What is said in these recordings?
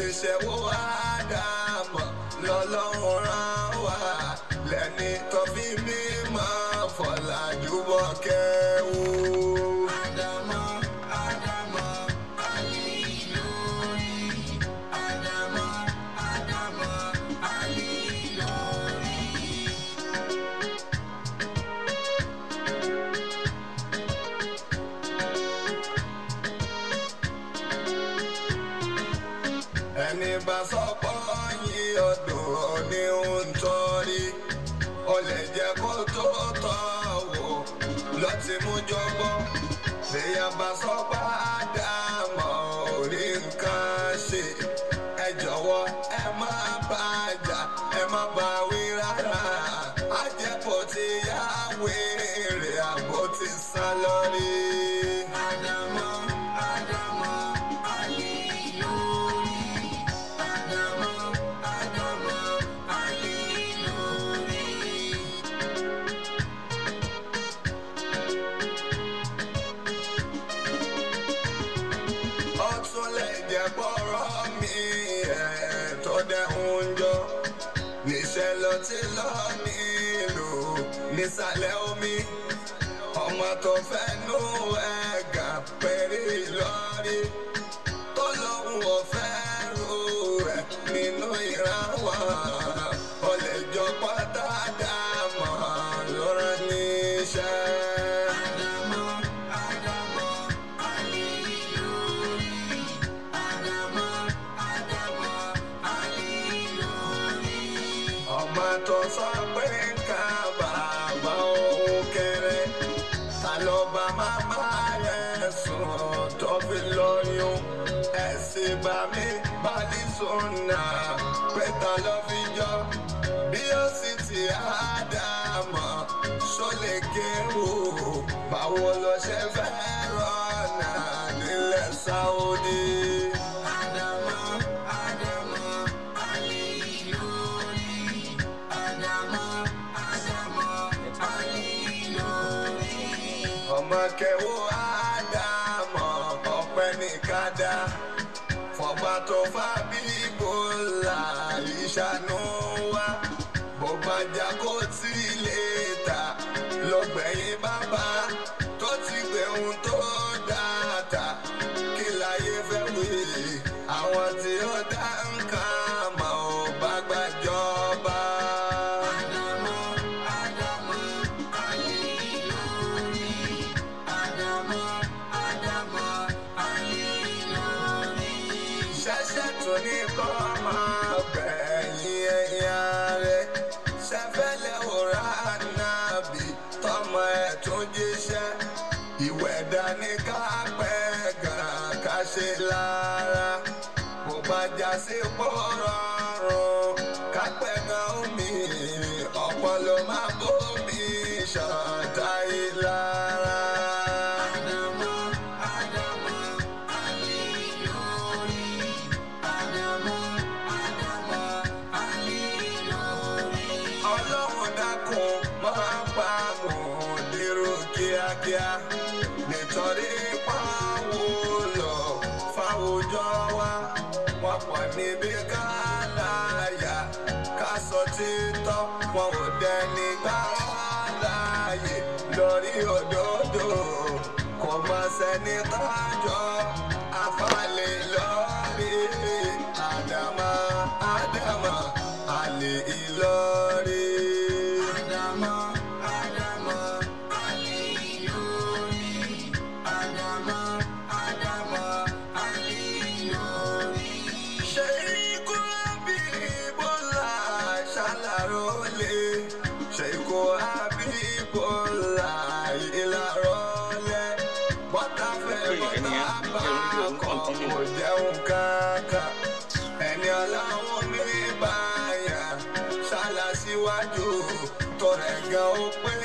bitch that about so nísàlẹ̀ omi ọmọ tó fẹ́ nú ẹ̀gà pẹ̀lú ìlọrin. ọ̀nà pẹ́ta lọ fi yọ bí ó sì ti àádámọ̀ sólè kéwò báwo lọ ṣe fẹ́ rọ̀nà nílẹ̀ Saudi. ọmọ kẹwò ádámọ̀ ọpẹ́ ní kádà fọgbà tó fà. so they come. sanita jo go.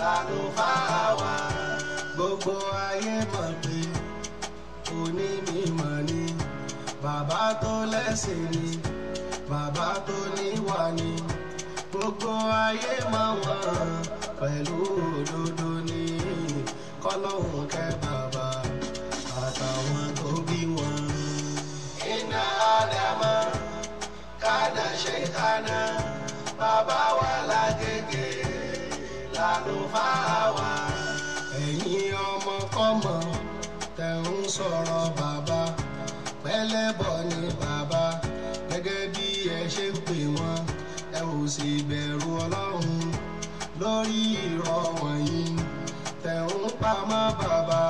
Baba ló fà wá gbogbo ni bàbá tó lẹ́sìn ni bàbá tó ni gbogbo ayé mọ̀ wọ́n pẹ̀lú òdodo ni kọ́lọ́hún kẹ́ bàbá àtàwọn tó bí ta ló fà wá. ẹ̀yin ọmọkọ́mọ tẹ̀ ń sọ̀rọ̀ bàbá pẹ́lẹ́bọ̀ ni bàbá gẹ́gẹ́ bí ẹ ṣe ń pè wọ́n ẹ ò sì bẹ̀rù ọlọ́run lórí irọ́ wọ̀nyí tẹ̀ ń pamọ́ bàbá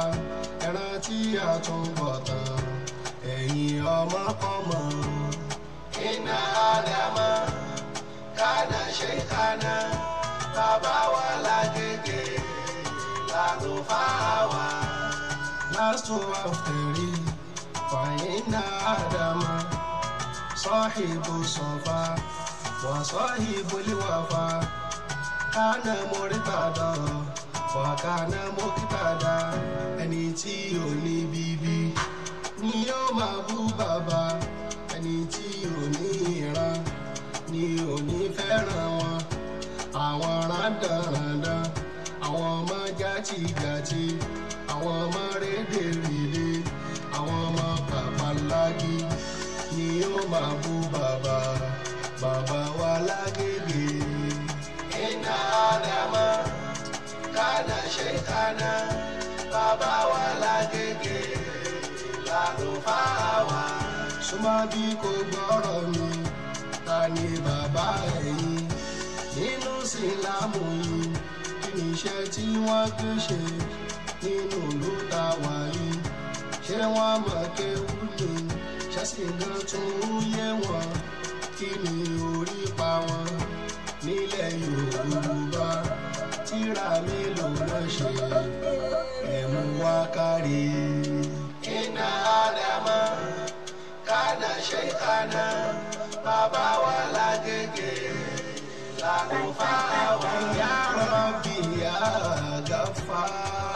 ẹran tí a tún bọ̀ tán ẹ̀yin ọmọkọ́mọ. iná àdàmọ́ kánà ṣe kánà bàbá wa lágége lálùfáà wa. lásù àfẹ̀rí fàyínà àdàmà sọ́hìbù sọ̀fà wà sọ́hìbù líwàfà kánà mórí bàdàn wà kánà mókítàdà ẹni tí ò ní bíbí ni yóò máa bú bàbá ẹni tí ò ní ìran ni ò ní fẹ́ràn wọn àwọn rándàràndàn àwọn ọmọ jàtijàti àwọn ọmọ rédèrèdè àwọn ọmọ pàpàlági ni ó máa bú bàbá bàbá wa lágbègbè. iná àdámọ́ kánà ṣe kánà bàbá wa lágbègbè lálùfáà wa. súnmọ́ bí kò gbọ́rọ̀ mi ta ni bàbá ẹ̀yìn ìsìlámù yìí kí ni iṣẹ́ tí wọ́n gbé ṣe nínú ìlú tá a wà yìí ṣé wọ́n mọ̀ kéwú ni ṣẹ́sìn gan tún yé wọn kí ni orí pa wọn nílẹ̀ Yorùbá tíra mi ló lọ ṣe ẹ̀mú wá kárí. iná ádámà kánà ṣe kánà bàbá wa lágége. Lálùfáà ọ̀hún yá rọ̀bì yá gàfáà.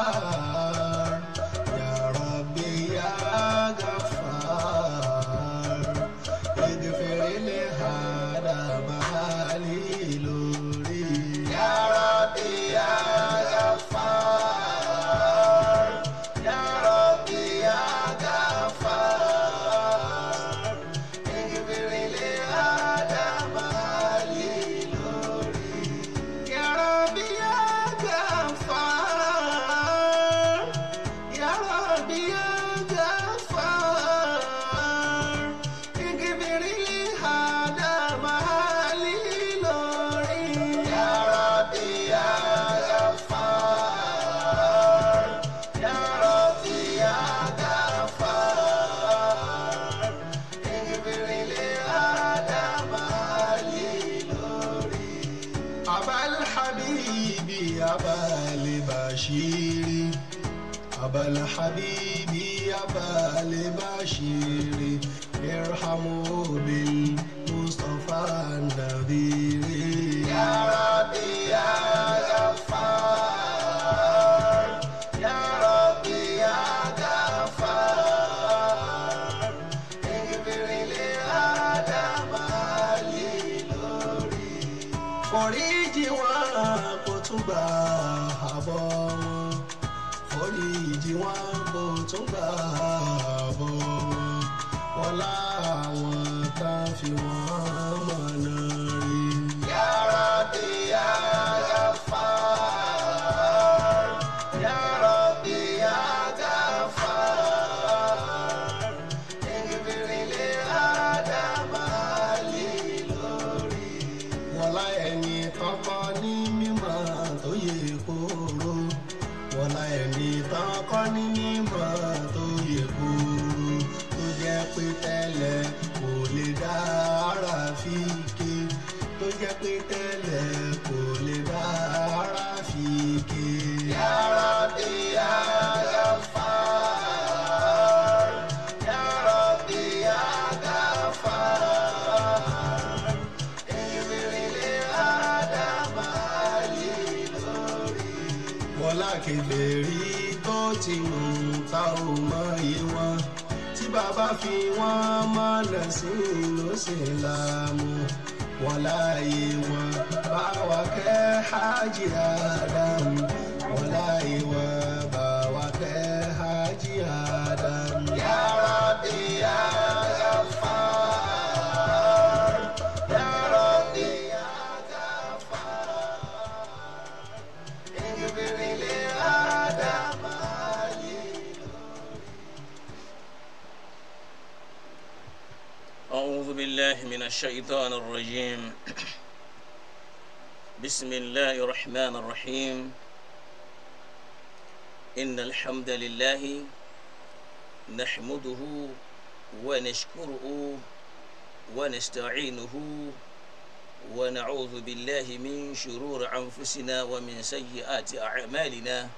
walaye wa ba wa ka hajiya dan walaye wa ba wa ka hajiya dan ya rabbi ya gafar ya rabbi ya gafar اغفر لآدم أعوذ بالله من الشيطان الرجيم الرجيم بسم الله الرحمن الرحيم إن الحمد لله نحمده ونشكره ونستعينه ونعوذ بالله من شرور أنفسنا ومن سيئات أعمالنا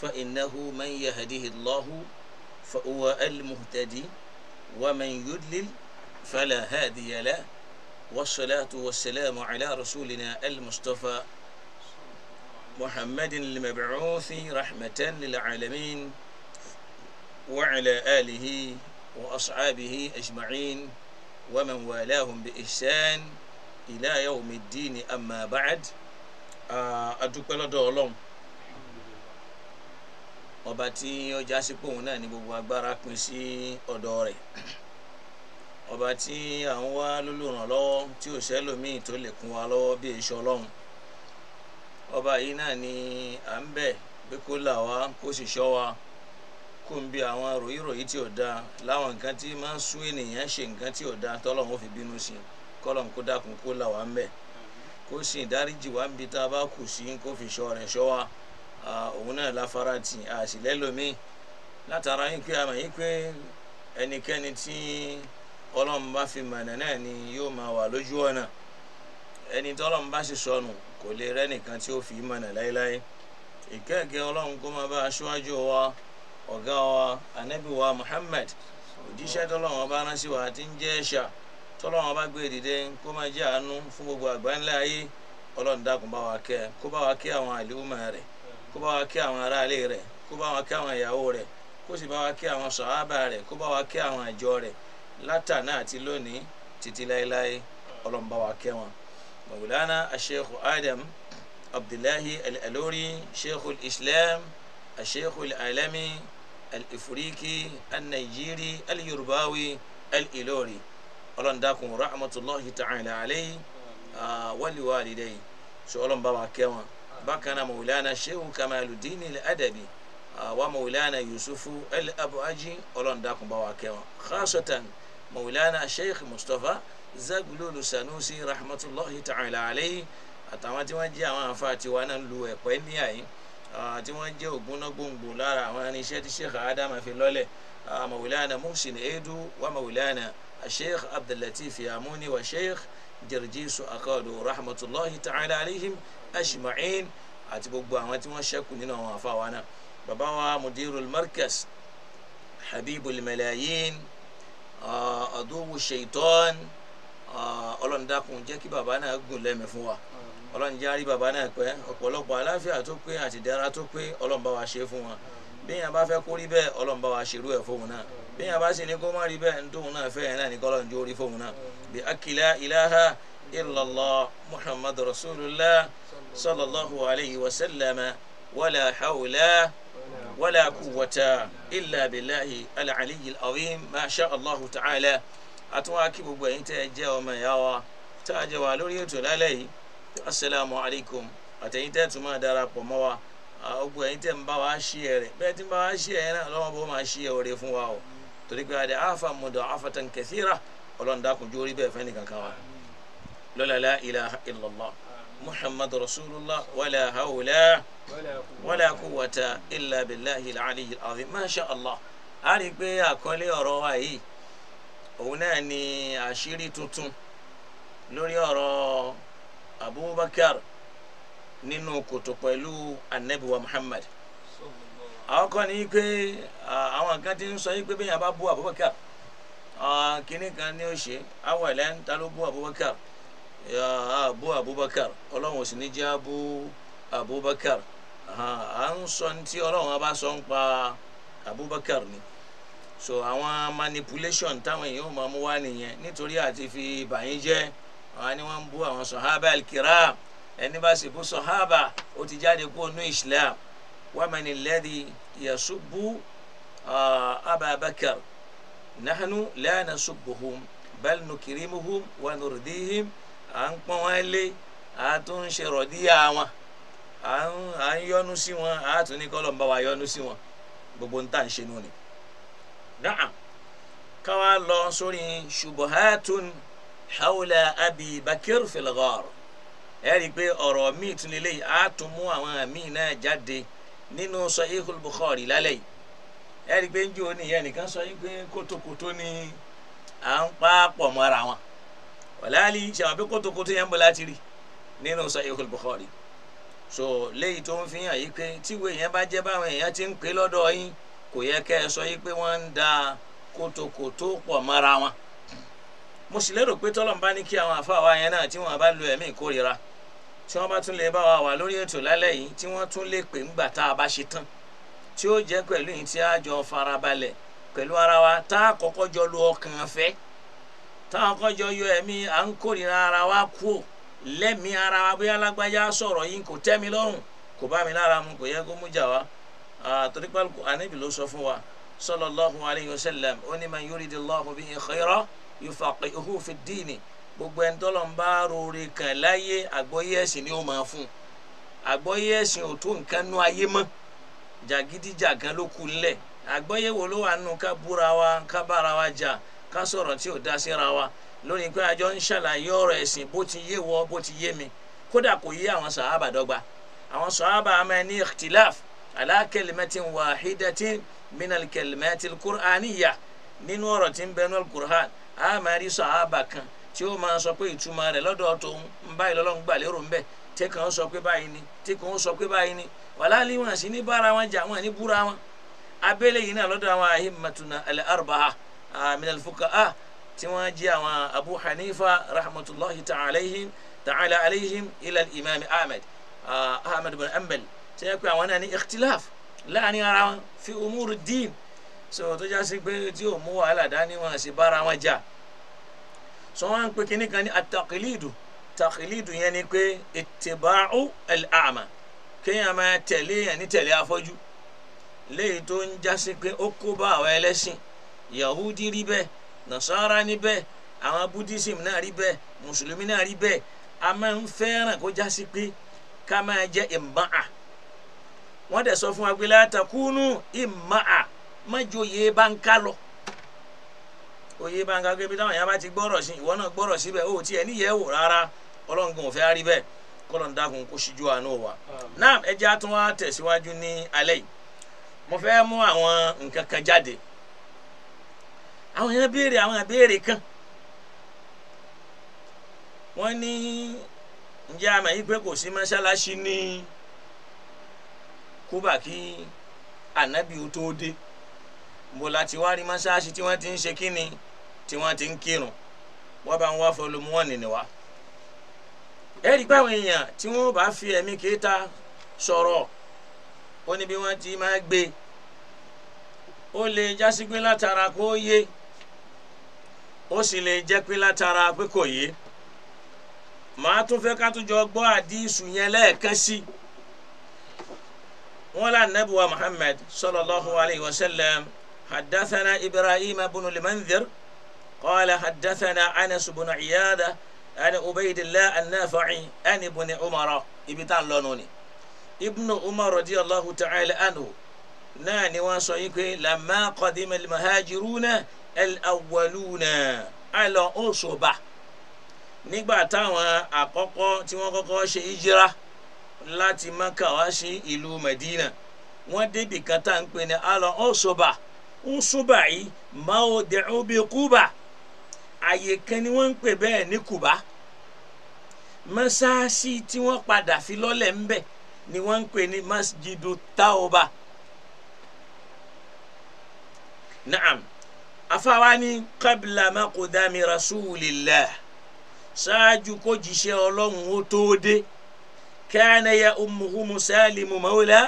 فإنه من يهده الله فهو المهتدي ومن يدلل فلا هادي له والصلاة والسلام على رسولنا المصطفى محمد المبعوث رحمة للعالمين وعلى آله وأصحابه أجمعين ومن والاهم بإحسان إلى يوم الدين أما بعد أدوكو دولوم ọba tí ó jásí pòun náà ní gbogbo agbára pín sí ọ̀dọ̀ rẹ̀ ọba tí à ń wá lólùrànlọ́wọ́ tí ò sẹ́lòmíì tó lè kún wa lọ́wọ́ bí èso ọlọ́run ọba yìí náà ni à ń bẹ̀ pé kó là wá kó sì ṣọ́ wa kó ń bi àwọn ròyìnròyìn tí ò da láwọn nǹkan tí máa ń sún ènìyàn ṣe nǹkan tí ò da tọ́lọ́run ó fi bínú sí kọ́lọ́run kó dákun kó là wá ń bẹ̀ kó sì dáríjì wá ń bi tá a bá kù sí kó fi ṣọ́ rẹ̀ ṣọ́ wa òun náà láfara tì àṣìlẹ́lòmíì látara yín pé àmọ̀ yín pé ẹnikẹ́ni tí. ọlọ́run bá fi mọ̀nà náà ni yóò máa wà lójú ọ̀nà ẹni tí ọlọ́run bá sì sọnù kò lè rẹ́nìkan tí ó fi mọ̀nà láéláé ìkẹ́ẹ̀kẹ́ ọlọ́run kó máa bá aṣáájú wa ọ̀gá wa anábì wa Muhammad ọba wa ọba gbé e dìde kó máa jẹ́ àánú fún gbogbo ayé ọlọ́run bá wa kẹ́ kó bá wa àwọn àlùmọ̀ rẹ̀ kó bá wa àwọn aráalé rẹ̀ látàná àti lónìí títí láéláé ọlọ́mbà wa kẹ́ wọn. mọ̀wùlánà àṣẹ́kù adam abdullahi al-alori sheikh islam الشيخ العالمي الإفريقي النيجيري اليرباوي الإلوري ọlọ́run dákun rahmatulahi ta'ala alayhi wàlíwàlídẹ́yì ṣe ọlọ́run bá wa kẹ́ wọn bákan náà mawulana shehu kamaludin al-adabi wa mawulana yusufu al-abuaji ọlọ́run dákun bá mọ̀wìlánà sheikh mustapha zaglulu sanusi rahmatulahi ta'ala alayhi àtàwọn tí wọ́n jẹ́ àwọn àfa tiwa náà lu ẹ̀pẹ́ ní àyè tí wọ́n jẹ́ ògbóná gbòǹgbò lára àwọn irinṣẹ́ tí sheikh adama fi lọ́lẹ̀ mọ̀wìlánà muhsin edu wa mọ̀wìlánà sheikh abdullatif yamuni wa sheikh jirjisu akadu rahmatulahi ta'ala alayhim ajma'in àti gbogbo àwọn tí wọ́n ṣẹ́kù nínú àwọn àfa wa náà bàbá wa mudirul markas habibul malayin àdúwù ṣèitán ọlọ́run dákun jẹ́ kí bàbá náà gùn lẹ́mìí fún wa ọlọ́run jẹ́ àrí bàbá náà pẹ́ ọ̀pọ̀lọpọ̀ àláfíà tó pé àti ìdára tó pé ọlọ́run bá wa ṣe fún wa bí yàn bá fẹ́ kó rí bẹ́ẹ̀ ọlọ́run wa ṣerú ẹ̀ fóun náà bí yàn bá sì ní kó má rí bẹ́ẹ̀ nítòun náà fẹ́ yẹn náà ní kọ́lọ́run jó rí fóun náà bí akila ilaha illallah muhammadu rasulillah sallallahu alayhi wa sallam wala hawla wala quwwata illa billahi al-aliyyi al-azim ma sha allah ta'ala àtúnwá kí gbogbo ẹ̀yin tẹ́ ẹ jẹ́ ọmọ ìyá wa tá a jẹ wà lórí ètò lálẹ́ yìí asalaamu alaykum àtẹ̀yin tẹ́ tún máa darapọ̀ mọ́ wa gbogbo ẹ̀yin tẹ́ ń bá wa ṣí ẹ rẹ̀ bẹ́ẹ̀ tí ń bá wa ṣí ẹ náà lọ́wọ́ bó máa ṣí ẹ òre fún wa o torí pé adé afa mudọ afatan kathira ọlọ́run dákun jórí bẹ́ẹ̀ fẹ́ nìkan kan wa lọ́lá la ilaha illallah. محمد رسول الله ولا wala ولا قوة إلا بالله العلي azim ما شاء الله rí i كل àkọlé ọ̀rọ̀ عشيري yìí òun náà أبو بكر tuntun lórí ọ̀rọ̀ abubakar nínú kòtò pẹ̀lú anabiwa muhammad àwọn kan ní pé àwọn kan ti ń sọ yìí pé bá bú abubakar kínní kan ní ó ṣe awọ̀lẹ́ ń ta ló bú abubakar ya abu abubakar ọlọ́run ò sì ní jẹ́ abu abubakar à ń sọ tí ọlọ́run bá sọ ń pa abubakar ni so àwọn manipulation táwọn èèyàn máa mú wá nìyẹn nítorí àti fi bàyín jẹ́ àwọn ni wọ́n ń bú àwọn sọ̀hábà al-kiram ẹni bá sì bú sọ̀hábà ó ti jáde kó nú islam wa man alladhi yasubbu ababakar nahnu la nasubbuhum bal nukrimuhum wa nurdihim à ń pọ́n wọn lé à tún ń ṣe rọ̀díyà wọn à ń yọ́nú sí wọn à tún ní kọ́lọ̀ ń bá wa yọ́nú sí wọn gbogbo ń tà ń ṣe nù ni. dáhà káwa lọ sórí ṣubuhatun hawla abi bakir filgar ẹ rí i pé ọ̀rọ̀ míì tún lélẹ́yìí á tún mú àwọn míì náà jáde nínú sahihul bukhari lálẹ́ yìí ẹ rí i pé ń jó nìyẹn nìkan sọ yín pé kótókótó ni à ń pa pọ̀ mọ́ra wọn wàláàlì ṣàwọn pé kótókótó yẹn ń bọ̀ láti rí nínú Sahihul Bukhari so léyìí tó ń fi hàn yí pé tíwèé yẹn bá jẹ́ báwọn èèyàn ti ń pè lọ́dọ̀ yín kò yẹ kẹ́ ẹ sọ yí pé wọ́n ń da kótókótó pọ̀ mọ́ra wọn mo sì lérò pé tọ́lọ̀ ń bá ní kí àwọn àfáàwá yẹn náà tí wọ́n bá lu ẹ̀mí ìkórira tí wọ́n bá tún lè bá wa wà lórí ètò lálẹ́ yìí tí wọ́n tún lè pè ńgbà tá a bá ṣe tán tí ó jẹ́ pẹ̀lú yìí tí a jọ farabalẹ̀ pẹ̀lú ara wa tá a kọ́kọ́ jọ lu ọkàn fẹ́ táwọn kan jọ yọ ẹ̀mí à ń kórìíra ara wa kú ò lẹ́mìí ara wa bóyá lágbájá sọ̀rọ̀ yín kò tẹ́ mi lọ́rùn kò bá mi lára mu kò yẹ kó mú jà wá torí pé ànábì ló sọ fún wa sallallahu alayhi wa sallam ó ní man yuridillahu bihi khayra yufaqihuhu fi ddini gbogbo ẹni tó lọ́n bá rore kàn láyé àgbọ́yé ẹ̀sìn ni ó máa fún àgbọ́yé ẹ̀sìn ò tó nǹkan nú ayé mọ́ jàgídíjàgan ló kù ńlẹ̀ àgbọ́yé wo ló wà nù ká búra wa ká bára wa jà. Ja ká sọ̀rọ̀ tí ò dá síra wa lónìí pé àjọ ń ṣàlàyé ọ̀rọ̀ ẹ̀sìn bó ti yé wọ bó ti yé mi kódà kò yé àwọn sàhábà dọ́gba àwọn sàhábà máa ní ikhtilaf ala kalimatin wahidatin minal kalimatil qur'aniyya nínú ọ̀rọ̀ tí ń bẹ nínú al-Qur'an a máa rí sàhábà kan tí ó máa sọ pé ìtumọ̀ rẹ̀ lọ́dọ̀ tòun ń báyìí lọ́lọ́run gbà lérò ń bẹ̀ tí kan sọ pé báyìí ni tí kan sọ من الفقهاء tí wọ́n jẹ́ àwọn abu hanifa rahmatulahi ta'ala alayhim ila imam ahmed ahmed bin ambal tí wọ́n pe àwọn náà ní ikhtilaf láàrin ara wọn fi umuru diin so tó já sí pé tí ò mú wàhálà dání wọn sì bára wọn jà so wọn pe kíní kan ní atakilidu takilidu yẹn ni pé itibau al-a'ma kéèyàn máa tẹ̀lé yẹn ní tẹ̀lé afọ́jú léyìí tó ń já sí pé ó kó bá àwọn ẹlẹ́sìn. yahudi rí nasara ni bɛ àwọn buddhism náà rí bẹ́ẹ̀ mùsùlùmí náà rí a máa ń fẹ́ràn kó jásí pé ká máa ìmáà wọ́n dẹ̀ sọ fún wa pé ìmáà mọ́jọ yé bá ń ká lọ oyè bá ń ká gbé bí táwọn yàrá bá ti gbọ́rọ̀ sí ìwọ náà gbọ́rọ̀ síbẹ̀ ó tiẹ̀ níyẹ̀ wò rárá ọlọ́ngàn ò fẹ́ rí bẹ́ẹ̀ dákun kó ṣíjú àánú wa náà ẹ jẹ́ àtúnwá tẹ̀síwájú àwọn èèyàn béèrè àwọn ìbéèrè kan wọ́n ní ǹjẹ́ àmọ̀ yìí pé kò sí mọ́ṣáláṣí ní Kúbà kí ànábì ó tó dé bọ́lá tí wàá rí mọ́ṣáláṣí tí wọ́n ti ń ṣe kíni tí wọ́n ti ń kírun wọ́n bá ń wá fọlọ́mùwọ́n nìwá ẹ̀rí pé àwọn èèyàn tí wọ́n bá fi ẹ̀mí kéta sọ̀rọ̀ ó ní bí wọ́n ti máa gbé ó lè jásí látara kó yé ó sì lè jẹ́ pé látara pé kò yé màá tún fẹ́ ká tún jọ gbọ́ àdísù yẹn lẹ́ẹ̀kan sí wọn lá nàbùwà Muhammad sallallahu alayhi wa sallam haddathana Ibrahim ibn al-Mundhir qala haddathana Anas ibn Iyada ani Ubaydillah an-Nafi'i ani ibn Umar ibi tá lọ nù ni Umar radiyallahu ta'ala anhu náà ni wọn sọ yìí pé lamma qadima al-muhajiruna al-awwaluna ala usuba nígbà táwọn àkọ́kọ́ tí wọ́n kọ́kọ́ ṣe ìjírá láti Mẹ́kà wá sí ìlú Mẹdínà wọ́n débi kan tá à ń pè ní ala usuba usuba yìí mawdi'u bi Kuba àyè kan ni wọ́n ń pè bẹ́ẹ̀ ní Kuba mọ́sáàsì tí wọ́n padà fi lọ́lẹ̀ ń bẹ̀ ni wọ́n ń pè ní masjidu Tauba naam afáwa ní qabla maqdami rasulillah ṣáájú kó jíṣẹ́ ọlọ́run ó tó dé kana ya ummuhu salimu mawla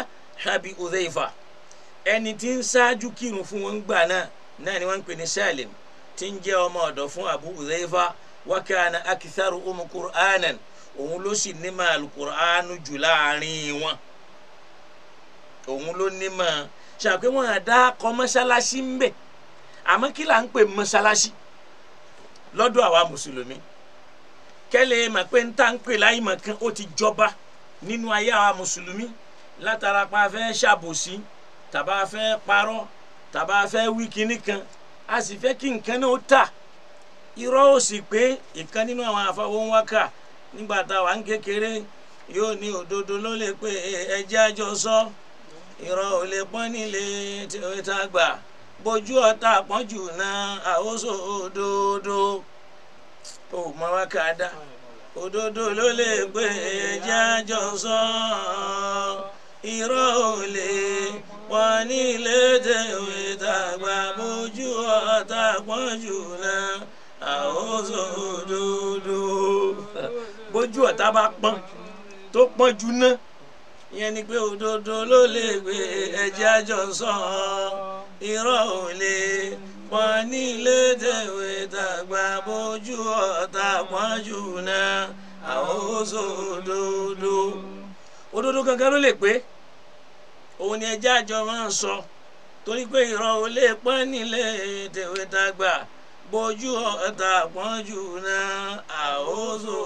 habi udhaifa ẹni tí ń ṣáájú kírun fún wọn gbà náà náà ni wọ́n ń pè ní salim tí ń jẹ́ ọmọ ọ̀dọ̀ fún abu udhaifa wa kana akitharu umu qur'anan òun ló sì ní máa alukur'anu jù láàrin wọn òun ló ní máa ṣàpé wọn àdá kọ ń bẹ̀ àmọ́ kí là ń pè mọ́sálásí lọ́dọ̀ àwa mùsùlùmí kẹ́lẹ́ mà pé ń tà ń pè láyé mà kan ó ti jọba nínú ayé àwa mùsùlùmí látara pa fẹ́ ṣàbòsí tàbá fẹ́ parọ́ tàbá fẹ́ wí kinní kan a sì fẹ́ kí nǹkan náà tà irọ́ ò sì pé ìkan nínú àwọn afọwọ́nwákà nígbà táwa ń kékeré yóò ní òdodo ló lè pé ẹjẹ́ àjọsọ irọ́ ò lè pọ́n nílé tí ó ta gbà bójú ọ̀tá àpọ́njù náà àhóso òdodo ò mọ wá ká dá òdodo ló lè gbé jájọ sọ irọ́ ò lè wọn ní ilé tẹ̀wé tàgbà bójú ọ̀tá àpọ́njù náà àhóso òdodo bójú ọ̀tá bá pọ́n tó pọ́n náà ìyẹn ni pé òdodo ló lè gbé ẹjẹ́ àjọ sàn irọ́ ò lè pọ̀ nílé tẹ̀wé tàgbà bójú ọ̀tá pọ́njú náà àwọn oṣù òdodo. òdodo gangan ló lè pé òun ni ẹjẹ́ àjọ máa ń sọ torí pé irọ́ ò lè pọ́n nílé tẹ̀wé tàgbà bójú ọ̀tá pọ́njú náà àhóso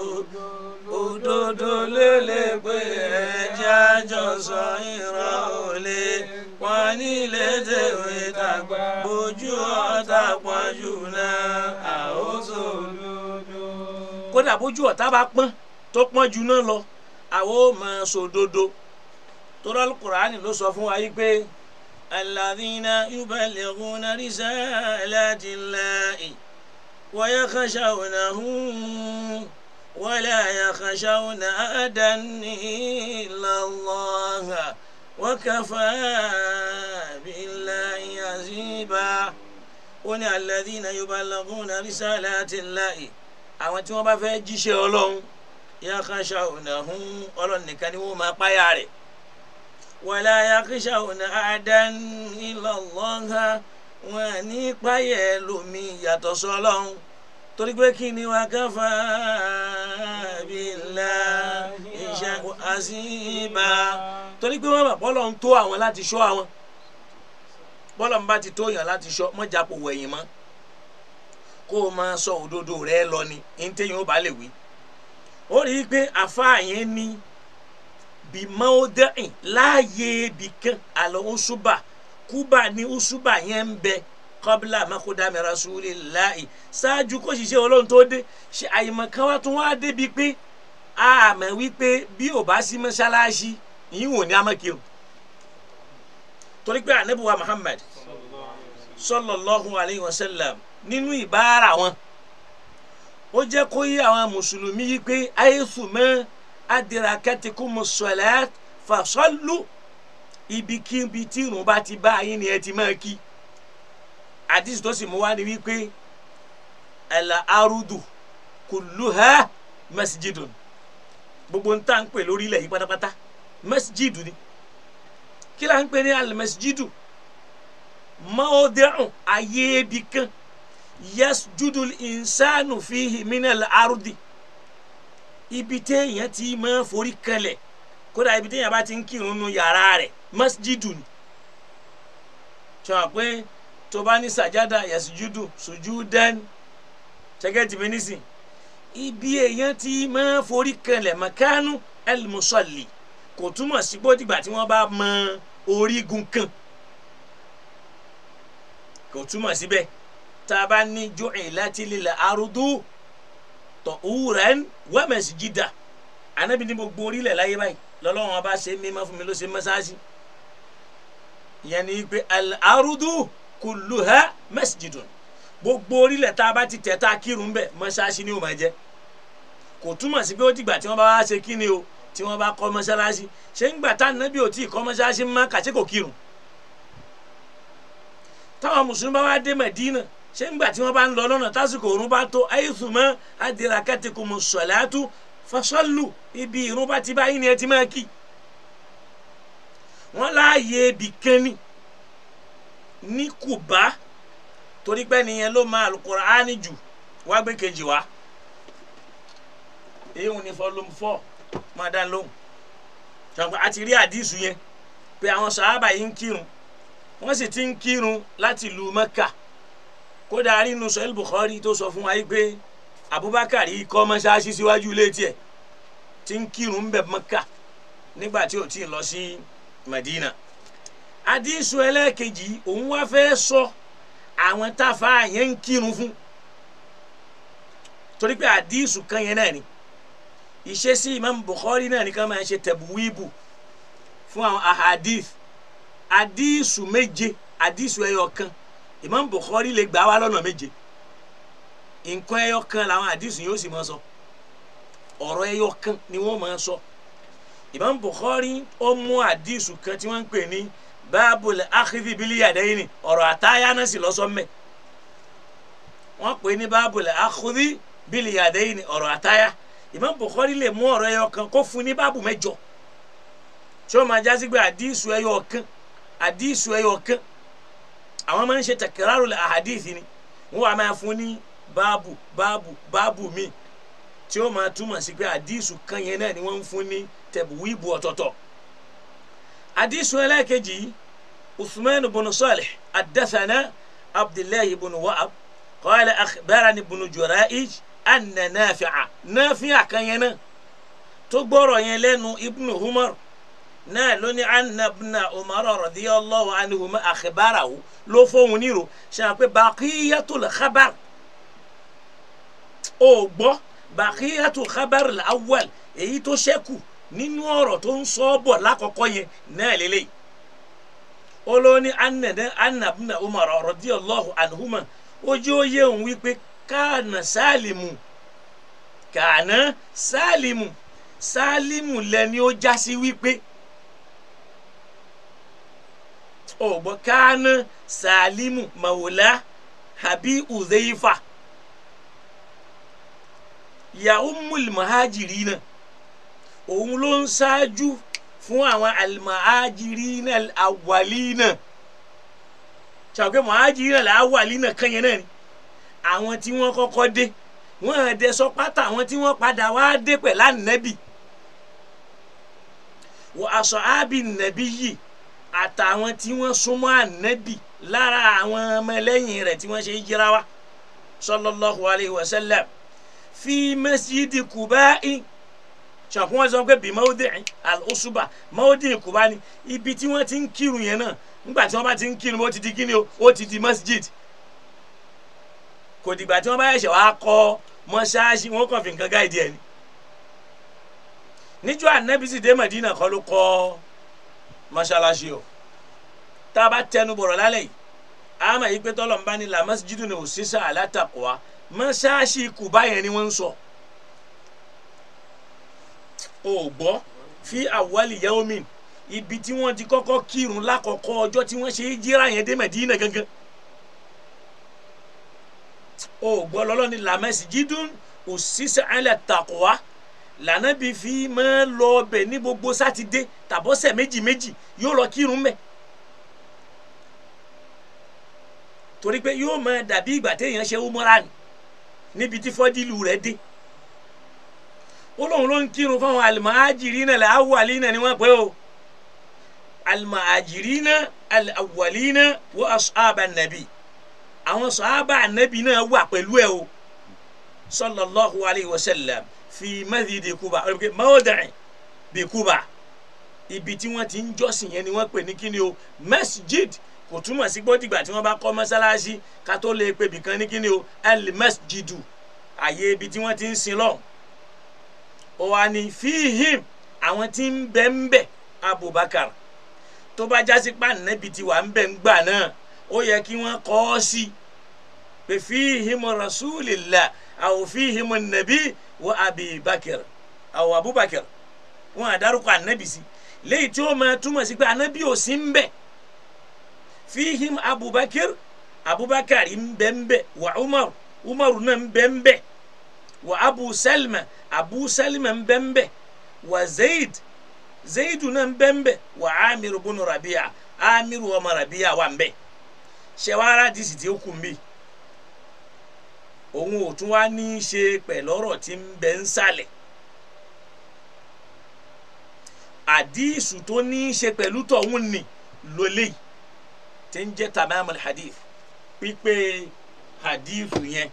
òdodo lélẹ̀ pé ẹja jọ̀sọ̀ ìran òlé wọn nílé tèwé tàgbà bójú ọ̀tá pọ́njú náà àhóso òdodo. kódà bójú ọ̀tá bá pọ́n tó pọ́n jù náà lọ àwọn ò máa sòdodo tó rọ́ọ̀lù kùránì ló sọ fún wa yí pé. الذين يبلغون رسالات الله ويخشونه ولا يخشون أدا إلا الله وكفى بالله عزيبا وني الذين يبلغون رسالات الله àwọn tí في bá fẹ́ jíṣẹ́ ọlọ́run yẹ ká ṣàwòrán ọlọ́run ولا yakíṣà ònà إلا الله ní páyẹ̀ lómi yàtọ̀ sọlọ́hún torí pé kí ni wàá káfà bílá ìṣe àṣìbá torí pé wọn bàbá Ọlọ́run tó àwọn láti ṣọ́ àwọn bọ́lọ́run bá ti tó yàn láti ṣọ́ mọ́jàpọ̀ wẹ̀yìn mọ́ kó o máa sọ òdodo rẹ lọ ni ní téèyàn ó bá lè wí ó rí i pé àfáà yẹn ní bimawodẹ́hìn láàyè ibìkan àlọ́ ọ̀ṣùbà kúbà ní ọ̀ṣùbà yẹn ń bẹ kọ́bílà makodami rasulillahi ṣáájú kó ṣiṣẹ́ ọlọ́run tó dé ṣe àyèmọ̀ kan wá tún wá débi pé àmọ́ wípé bí ò bá sí mọ́ṣáláṣí yìí wò ní amákirun torí pé anabiwa muhammad sallallahu alayhi wa sallam nínú ìbára wọn ó jẹ́ kó yí àwọn mùsùlùmí yí pé àyèsùn mẹ́rin adarakatikum as-salat fasallu ibikíbi tí irun bá ti bá yín ni ẹ ti máa kí àdìsí tó sì mú wá ni wípé al-ardu kulluha masjidun gbogbo ń tà ń pè lórílẹ̀ yìí pátápátá masjidu ni kí la ń pè ní al-masjidu mọ́ọ́dẹ́rùn ayé ibì kan yasjudul insanu fihi minal ardi ibi téèyàn ti máa forí kanlẹ̀ kódà ibi téèyàn bá ti ń kírun nu yàrá rẹ̀ masjidu ni sọ̀rọ̀ pé tó bá ní sàjádà yasujudu sujudan ṣẹ́gẹ́tì mi nísìn ibi èèyàn ti máa forí kanlẹ̀ makanu elmusalli kò túmọ̀ sí gbódìgbà tí wọ́n bá mọ orígun kan kò túmọ̀ síbẹ̀ tá a bá ní ju'ilati lil ardu tọ̀ òwúrẹ́ wẹ́mẹ̀sì jìdá anábì ní gbogbo orílẹ̀ láyé báyìí lọ́lọ́run ọba ṣe mímọ́ fún mi ló ṣe mọ́sáàsì ìyẹn ni pé al-ardu kulluha masjidun gbogbo orílẹ̀ tá a bá ti tẹ̀ tá a kírun bẹ̀ mọ́sáàsì ni ó máa jẹ́ kò túmọ̀ sí pé ó dìgbà tí wọ́n bá wá ṣe kí ni o tí wọ́n bá kọ́ mọ́sálásí ṣé ń gbà tá nábì ò tí ì kọ́ mọ́sálásí má kò kírun táwọn mùsùlùmí bá wá dé Mẹ̀dínà ṣé ńgbà tí wọ́n bá ń lọ lọ́nà tásìkò òrùn bá tó ayéfùmọ́ adìrakátìkùmù sọ̀láàtú fasallu ibi ìrún bá ti báyìí ni ẹ ti máa kí wọ́n láàyè ibì kẹ́ni ní Kùbá torí pé nìyẹn ló máa Al-Qur'ani jù wá gbé kejì wá èyí ni volume máa dá lóhùn ṣàǹgbọ́n a rí àdìsù yẹn pé àwọn sàhábà yìí ń kírun wọ́n sì ti ń kírun láti lu Mẹ́kà kódà arínú sọ́yìn Bukhari tó sọ fún wa yìí pé Abubakar yìí kọ́ mọ́ṣáláṣí síwájú ilé tiẹ̀ tí ń kírun bẹ̀ Mẹ́kà nígbà tí ò tí ì lọ sí Madina adíṣu ẹlẹ́ẹ̀kejì òun wá fẹ́ sọ àwọn táfa yẹn ń kírun fún torí pé adíṣu kan yẹn náà ni ìṣesí Imam Bukhari náà ni ká máa ṣe tẹ̀bùwíbù fún àwọn ahadith adíṣu méje adíṣu ẹyọ kan Imam Bukhari lè gbà wá lọ́nà méje nǹkan ẹyọ kan làwọn àdìsí yóò sì máa sọ ọ̀rọ̀ ẹyọ kan ni wọ́n máa sọ Imam Bukhari ó mú àdìsí kan tí wọ́n ń pè ní babul akhidhi bil yadayni ọ̀rọ̀ àtayá náà sì lọ́sọ mẹ́ wọ́n pè ní babul akhidhi bil yadayni ọ̀rọ̀ àtayá Imam Bukhari lè mú ọ̀rọ̀ ẹyọ kan kó fún ní báàbù mẹ́jọ tí ó máa jásí pé àdìsí ẹyọ kan àdìsí ẹyọ kan àwọn máa ń ṣe takiraru la ahadithi ni wọn wà máa fún ní báàbù báàbù báàbù mi tí ó máa túmọ̀ sí pé àdísù kan yẹn náà ni wọ́n ń fún ní tẹ̀bùwíìbù ọ̀tọ̀ọ̀tọ̀ àdísù ẹlẹ́ẹ̀kejì usman bin salih adathana abdullahi bin wa'ab qala akhbarani bin jura'ij anna nafi'a nafi'a kan yẹn náà tó gbọ́rọ̀ yẹn lẹ́nu ibnu umar náà ló ní anabna umar radiyallahu anhuma akhbarahu ló fóun nírò ṣe àpé baqiyatul khabar ó gbọ́ baqiyatul khabar al-awwal èyí tó ṣẹ́kù nínú ọ̀rọ̀ tó ń sọ bọ̀ lákọ̀ọ́kọ́ yẹn náà lélẹ̀ ó ló ní anabna umar radiyallahu anhuma ojú ó yẹ òun wípé kàánà sálìmù kàánà sálìmù sálìmù lẹni ó jásí wípé. ọgbọ kaana salimu mawula habi uzeifa yahumul muhajirina òun ló ń ṣáájú fún àwọn almuhajirina awalina ṣàgbé muhajirina awalina kanyẹ náà ni àwọn tí wọ́n kọ́kọ́ dé wọ́n àdẹ sọ pátá àwọn tí wọ́n padà wá dé pẹ̀lú ànábì wọ́n aṣọ ábì nàbí yìí àtàwọn tí wọ́n súnmọ́ ànábì lára àwọn ọmọlẹ́yìn rẹ̀ tí wọ́n ṣe yíra wa sallallahu alayhi wa sallam fi masjidi kuba'i ṣàkóso wọn sọ pé bí mawdi al-usuba mawdi kuba ni ibi tí wọ́n ti ń kírun yẹn náà nígbà tí wọ́n bá ti ń kírun ó ti di kíni o ó ti di masjid kò dìgbà tí wọ́n bá ṣẹ̀ṣẹ̀ wá kọ́ mọ́ṣáláṣí wọn kàn fi nǹkan gáìdì ẹ̀ ni níjọ́ ànábì sì dé Madina kọ́ ló kọ́ ọ́ mọ́ṣáláṣí o tá a bá tẹnu bọ̀rọ̀ lálẹ́ yìí a máa pé tọ́lọ̀ ń bá ní la masjidu ní òṣìṣẹ́ alátakọ̀wá mọ́ṣáláṣí Kùbá yẹn ni wọ́n ń sọ o gbọ́ fi awali yaomin ibi tí wọ́n ti kọ́kọ́ kírun lákọ̀ọ́kọ́ ọjọ́ tí wọ́n ṣe é jíra yẹn dé Mẹ̀dínà gangan o gbọ́ lọ́lọ́ ní la masjidun òṣìṣẹ́ alátakọ̀wá lànàbí fi máa lọ ọbẹ̀ ní gbogbo sátidé tàbọ́sẹ̀ méjì méjì yóò lọ kírun mẹ́ torí pé yóò máa dàbí ìgbà téèyàn ṣe umara ni níbi tí fọ́dílù rẹ̀ dé ó lóun ló ń kírun fáwọn al-muhajirina al-awwalina ni wọ́n pè ó al-muhajirina al-awwalina wa ashaba nàbì àwọn sahaba nàbì náà wà pẹ̀lú ẹ̀ o sallallahu alayhi wa sallam fi masjidi kuba mawda'i bi kuba ibi tí wọ́n ti ń jọ́sìn yẹn ni wọ́n pè ní kíni o masjid kò túmọ̀ sí gbọ́ dìgbà tí wọ́n bá kọ́ mọ́sálásí ká tó lè pe bìkan ní kíni o el masjidu àyè ibi tí wọ́n ti ń sin lọ. ó wà ní fihim àwọn tí ń bẹ ń bẹ abubakar tó bá jásí pa nẹ́bi tí wà ń bẹ ń gbà náà ó yẹ kí wọ́n kọ́ ọ́ sí pé fihim rasulillah aw fihim nàbí wa abi bakir àwọn abubakar wọn àdárúkọ anabi sí léyìí tí ó máa túmọ̀ sí pé anabi ò sí ń bẹ̀ fihim abubakar abubakar ń bẹ ń bẹ wa umar umar náà ń bẹ ń bẹ wa abu salma abu salma ń wa zayd zayidu náà ń wa amiru bunu rabia amiru ọmọ rabia wà ń bẹ disi tí ó kù mí òun ò tún wá ní í ṣe pẹ̀lọ́rọ̀ tí ń bẹ ń sàlẹ̀ àdíìsù tó ní í ṣe pẹ̀lú tọ̀hún ni lólè tí ń jẹ́ tamamul hadith pípé hadith yẹn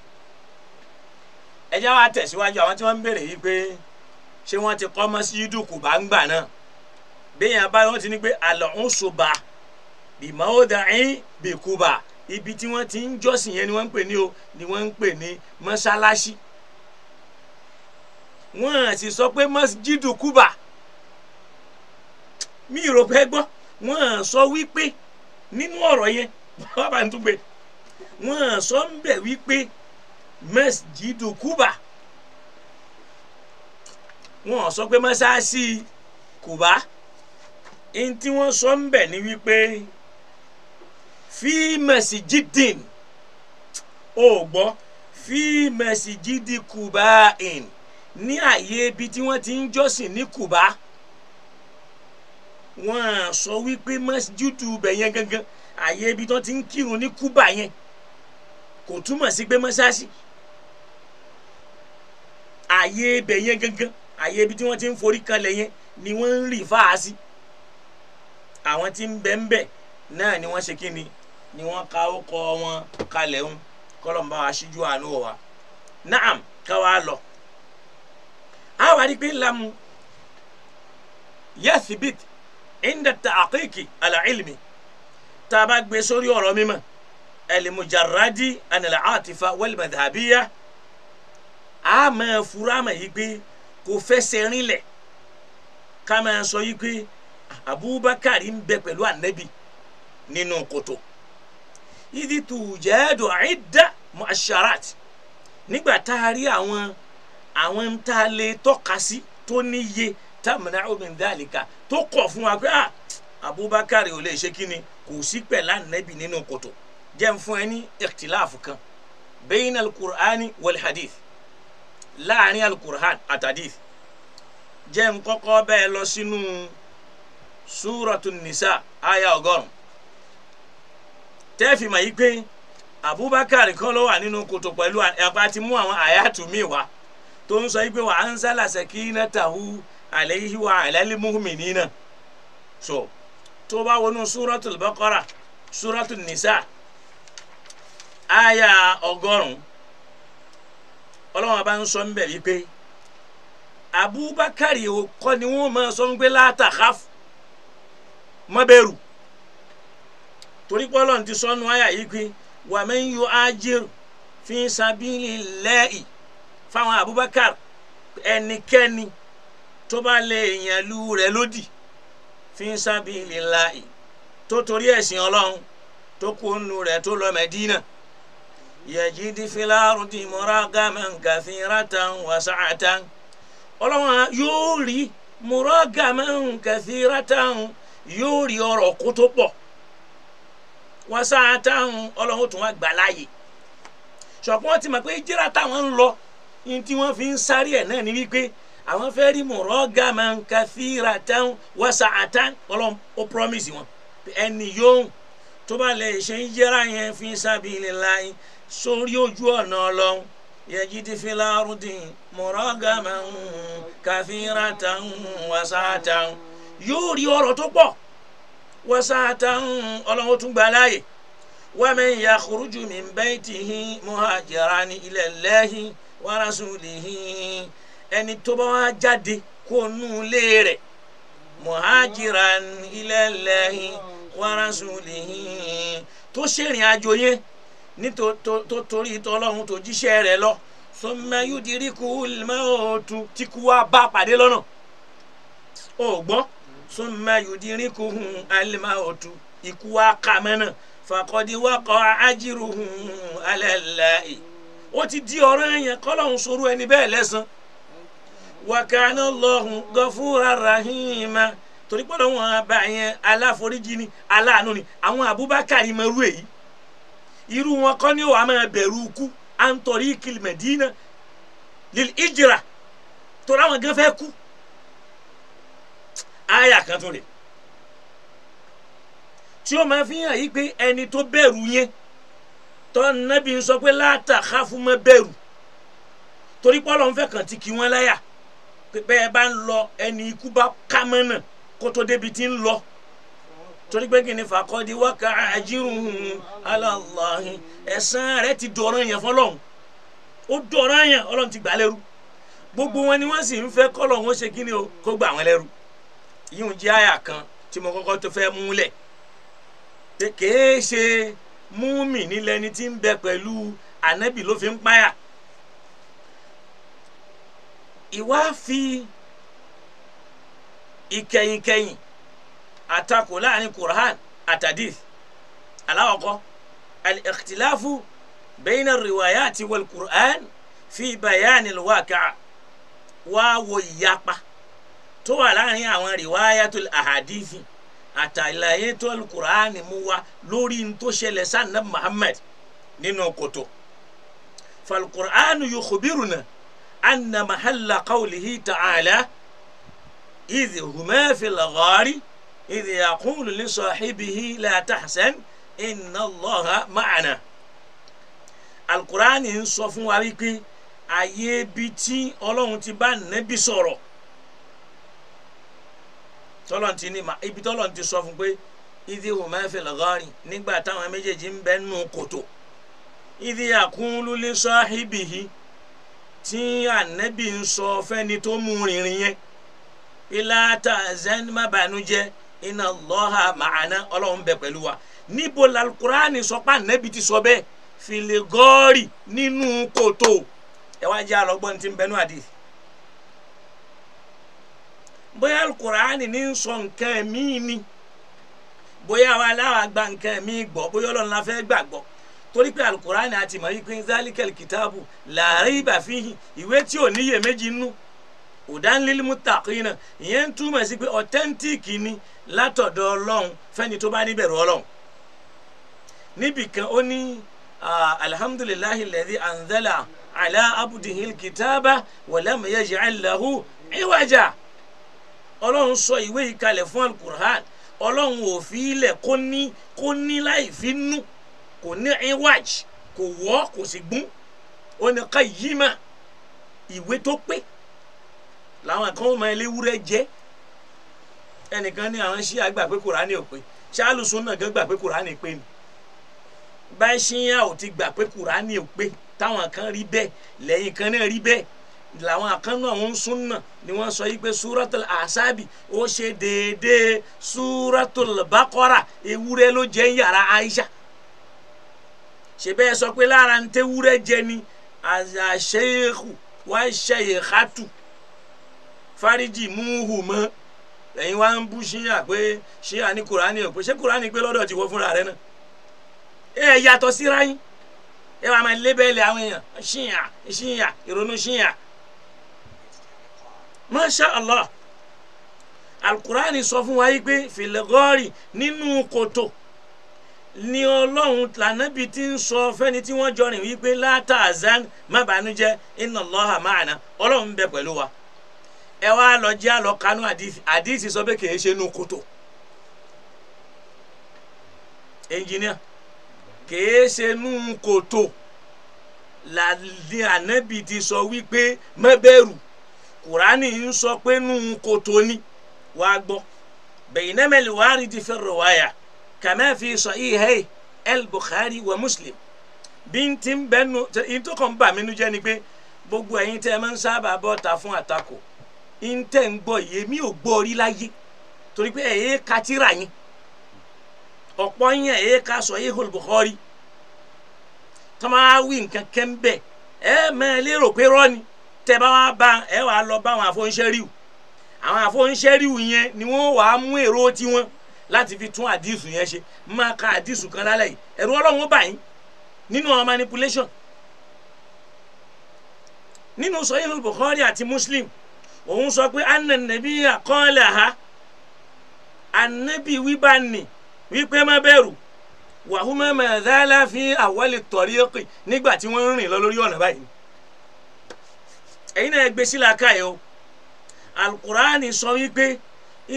ẹ jẹ́ wá tẹ̀síwájú àwọn tí wọ́n ń béèrè yìí pé ṣé wọ́n ti kọ́ masjidu Quba ń gbà náà béèyàn báyọ̀ wọ́n ti ní pé al-usba bi mawdi'i bi Quba ibi tí wọ́n ti ń jọ́sìn yẹn ni wọ́n ń pè ní o ni wọ́n ń pè ní mọ́ṣáláṣí wọ́n á sì sọ pé masjidu kuba mi ì rò pé gbọ́ wọ́n á sọ wípé nínú ọ̀rọ̀ yẹn bàbá ń túbẹ̀ wọ́n á sọ ń bẹ̀ wípé masjidu kuba wọ́n á sọ pé mọ́ṣáláṣí kuba ẹni tí wọ́n sọ ń bẹ̀ ni wípé fíìmẹ̀sì jídìn o gbọ́ fíìmẹ̀sì jídì kùbá in ní àyè ibi tí wọ́n ti ń jọ́sìn ní kùbá wọ́n á sọ wípé mọ́síjúdù ibẹ̀ yẹn gangan àyè ibi tí wọ́n ti ń kírun ní kùbá yẹn kò túmọ̀ sí pé mọ́sáàsì àyè ibẹ̀ yẹn gangan àyè ibi tí wọ́n ti ń forí kanlẹ̀ yẹn ni wọ́n ń rì fáa sí àwọn tí ń bẹ ń bẹ náà ni wọ́n ṣe kí ni ni wọ́n ka ó kọ́ wọn kalẹ̀ ń kọ́lọ́mbà wa ṣíjú àánú wa naam káwa lọ. àwa rí pé lamu yathbit inda ta'aqiqi ala ilmi tá a bá gbé sórí ọ̀rọ̀ mímọ́ alimujaradi anala atifa walimadhabiya a máa fura ma yìí pé kò fẹsẹ̀ rinlẹ̀ ká máa sọ yìí pé abubakar ń bẹ pẹ̀lú anabi nínú kòtò. No ìdí tùjẹ́dù àìdá mu'asharat nígbà tá a rí àwọn àwọn ń tá a lè tọ́ka sí tó níye tamna min dhalika tó kọ̀ fún wa pé ah, Abubakar ò lè ṣe kíni kò sí pẹ̀lú ànábì nínú kòtò jẹ́ ń fún ẹ ní ikhtilafu kan bayna al-Qur'ani láàrin al-Qur'an jẹ́ kọ́kọ́ bẹ́ẹ̀ lọ sínú súratu nisa aya ọgọ́rùn-ún tẹ́ẹ̀fì mọ̀ yí pé Abubakar kan ló wà nínú kòtò pẹ̀lú apá ti mú àwọn àyàtú mi wá tó ń sọ yí pé wa anzala sakinatahu alayhi wa ala al-mu'minina so tó bá wọnú suratul Baqara suratul Nisa aya ọgọ́rùn-ún ọlọ́wọ́n bá ń sọ ń bẹ̀ wípé Abubakar kọ́ ni wọ́n máa sọ ń gbé la takhaf torí pọ́lọ́ ti sọnù àyà yìí pé wa man yu'ajir fi sabilillahi fáwọn Abubakar ẹnikẹ́ni tó bá lè yàn lù rẹ̀ lódì fi sabilillahi tó torí ẹ̀sìn Ọlọ́run tó kó nù rẹ̀ tó lọ Mẹ́dínà yajidi fil ardi muragaman kathiratan wa sa'atan Ọlọ́run yóò rí muragaman kathiratan yóò rí ọrọ̀ kó pọ̀ wọn sáà táwọn ọlọ́run tún wọn gbà láàyè ṣọ̀pọ̀ ti mọ̀ pé jíra táwọn ń lọ ní tí wọ́n fi ń sáré ẹ̀ náà ní wípé àwọn fẹ́ rí mọ̀rọ́gà máa ń ka fíra tán wọ́n sáà tán ọlọ́run ó promise wọn ẹni yóò tó bá lè ṣe ń jíra yẹn fi sabilillah sórí ojú ọ̀nà ọlọ́run yajidi filarudi mọ̀rọ́gà máa ń ka fíra tán wọ́n sáà tán yóò rí ọ̀rọ̀ tó pọ̀ wasaatan ọlọ́run tún gba láàyè waman yakhruju min baytihi muhajiran ila Allahi wa rasulihi ẹni tó bá wá jáde kó nù lé rẹ̀ muhajiran ila Allahi wa rasulihi tó ṣèrìn àjò yẹn ní torí tọ́lọ́run tó jíṣẹ́ rẹ̀ lọ summa yudrikul mautu tí kú wá bá pàdé lọ́nà ò gbọ́n summa yudirikuhum alimautu ikú wa kà mẹ́nà faqad waqa ajiruhum ala llahi ó ti di ọ̀rọ̀ yẹn kọ́lọ́hún sọ̀rọ̀ ẹni bẹ́ẹ̀ lẹ́sàn wa kana Allahu ghafura rahima torí pé lọ́wọ́n bá yẹn aláforíjì ni aláàánú ni àwọn Abubakar mẹ́rú èyí irú wọn kọ́ ni ó máa bẹ̀rù ikú à ń lil ijra torí àwọn gan fẹ́ kú àyà kan tó ni tí ó máa fi hàn yí pé ẹni tó bẹ̀rù yẹn tó nábì ń sọ pé láàtà káfùmọ́ bẹ̀rù torí pé Ọlọ́run fẹ́ kàn ti kí wọ́n láyà pé ẹ bá ń lọ ẹni ikú bá ká mọ́ náà kó tó débi tí ń lọ torí pé kìnìún fàkọ́dí wákà àjírùn aláàláhìn ẹ̀san rẹ̀ ti dọ̀ràn yẹn fọlọ́run ó dọ̀ràn yẹn Ọlọ́run ti gbà lẹ́rú gbogbo wọn ni wọ́n sì ń fẹ́ kọ́lọ̀ wọn ṣe kí ni o kó gbà wọn lẹ́rú yíyún jẹ́ àyà kan tí mo kọ́kọ́ tó fẹ́ múlẹ̀ pé kèé ṣe múmi nílẹni tí ń bẹ pẹ̀lú ànábì ló fi ń páyà ìwà fi ìkẹyìnkẹyìn àtakò láàrin Qur'an àtàdí aláwọ̀kọ́ al-ikhtilafu bayna riwayati wal Qur'an fi bayani al-waqi'a wá wo ìyapa tó wà láàrin àwọn riwayatul ahadithi àtàlàyé tó alukur'ani mú wa lórí n tó ṣẹlẹ̀ sanna muhammad nínú kòtò falukur'ani yukhbiruna anna mahalla qawlihi ta'ala idh huma fil ghari idh yaqulu li sahibihi la tahzan inna allaha ma'ana alukur'ani ń sọ fún wa wípé ayé bi tí ọlọ́run ti bá nẹ́bí sọ̀rọ̀ tọ́lọ̀ ti ní ma ibi tọ́lọ̀ ti sọ fún pé ìdí hùmẹ́ fìlọ́gọ́rì nígbà táwọn méjèèjì ń bẹ́ nù kòtò ìdí àkúnlúlé sọ́híbìhì tí ànẹ́bì ń sọ fẹ́ni tó mú rìnrìn yẹn pilata zen má bànújẹ́ iná lọ́ha màánà ọlọ́run bẹ pẹ̀lú wa níbo làlùkùránì sọ pé ànẹ́bì ti sọ bẹ́ẹ̀ fìlẹ́gọ́rì nínú kòtò ẹ wá jẹ́ àlọ́gbọ́n tí ń bẹ́nu àdìsí bóyá alukuraani ní ń sọ nǹkan míì ni bóyá wa láwa gba nǹkan míì gbọ́ bóyá ọlọ́run la fẹ́ gbàgbọ́ torí pé alukuraani àti mọ̀ yí pé zalikẹ́lì kìtàbù la rayba fihi ìwé tí ò níyè méjì nú udanlil muttaqina ìyẹn ń túmọ̀ sí pé ọ̀tẹ́ntìkì ni látọ̀dọ̀ ọlọ́run fẹ́ni tó bá níbẹ̀rù ọlọ́run níbìkan ó ní alhamdulillahi alladhi anzala ala abdihil kitaba wa lam yaj'al lahu iwaja ọlọ́run sọ ìwé yìí kalẹ̀ fún alukur'an ọlọ́run ò fi ilẹ̀ kó ní kó ní láì fi nú kò ní iwáj kò wọ́ kò sì gún ó ní ká yí mà ìwé tó pé làwọn kan máa léwúrẹ́ jẹ́ ẹnìkan ní àwọn ṣíà gbà pé kùránì ò pé ṣáàlùsùn náà gan gbà pé kùránì pé ni báyìí ṣíyàn ò ti gbà pé kùránì ò pé táwọn kan rí bẹ́ẹ̀ lẹ́yìn kan náà rí bẹ́ẹ̀ làwọn àkànnú àwọn súnà ni wọ́n sọ yìí pé suratul asabi ó ṣe déédéé suratul bakora ewúrẹ́ ló jẹ́ yàrá aisha ṣèbẹ́ sọ pé lára ń tẹ́wúrẹ́ jẹ ni àṣeyẹ̀kù wá ṣeyẹ̀kátù fáríjì múhù mọ́ ẹ̀yin wá ń bú ṣíyà pé ṣíyà ní kùránì ò ṣé kùránì pé lọ́dọ̀ ti wọ́ fúnra rẹ náà ẹ yàtọ̀ síra yín ẹ wàá máa lébẹ́lẹ̀ àwọn èèyàn ṣíyà ṣíyà ìrònú ṣíyà masha allah alukurani sọ fún wa yìí pé filigọ́ọ̀rì nínú kòtò ni ọlọ́run lànàbí ti ń sọ fẹ́ni tí wọ́n jọrìn wípé látàzán má bànújẹ́ inna Allaha ma'ana ọlọ́run ń bẹ pẹ̀lú wa ẹ wá lọ jẹ́ àlọ́ kanú àdìsí sọ pé kì í ṣe inú kòtò ẹnjìníà kì í ṣe inú kòtò lànàbí ti sọ wípé má bẹ̀rù kùránì ń sọ pé nù kòtò ni wàá gbọ́ bẹ̀yìnẹ́mẹ̀lì wàá rí ti fẹ́ rọ̀ wáyà kàmẹ́fì sọ ìhẹ́ el Bukhari wa Muslim bí n ti bẹ́ẹ̀ nu ìtòkàn bà mí nu jẹ́ ni pé gbogbo ẹ̀yin tẹ́ ẹ máa ń sábà bọ́ ta fún àtakò ń tẹ̀ ń gbọ́ yìí èmi ò gbọ́ orí láyé torí pé ẹ̀yẹ ka yín ọ̀pọ̀ yín ẹ̀yẹ ka sọ yìí hol Bukhari tọ́mọ awí nǹkan kẹ́ ń bẹ̀ ẹ̀ máa lérò pé rọ́ọ̀ni tẹ bá wá bá ẹ wàá lọ bá àwọn àfọ̀nṣẹ́ríù àwọn àfọ̀nṣẹ́ríù yẹn ni wọ́n wàá mú èrò tiwọn láti fi tún àdìsù yẹn ṣe máa ka àdìsù kan lálẹ́ yìí ẹ̀rù ọlọ́run bá yín nínú àwọn manipulation nínú sọyìn Bukhari àti Muslim òun sọ pé ananabi akọọlẹ ha anabi wíbá nì wípé má bẹ̀rù wàhùmẹ́ mẹ́ẹ̀dá láfi àwọlé tọ̀rí ẹ̀kì nígbà tí wọ́n ń rìn lọ lórí ọ̀nà báyìí ẹ̀yin náà gbé sílẹ̀ akáyẹ o alukurani sọ wípé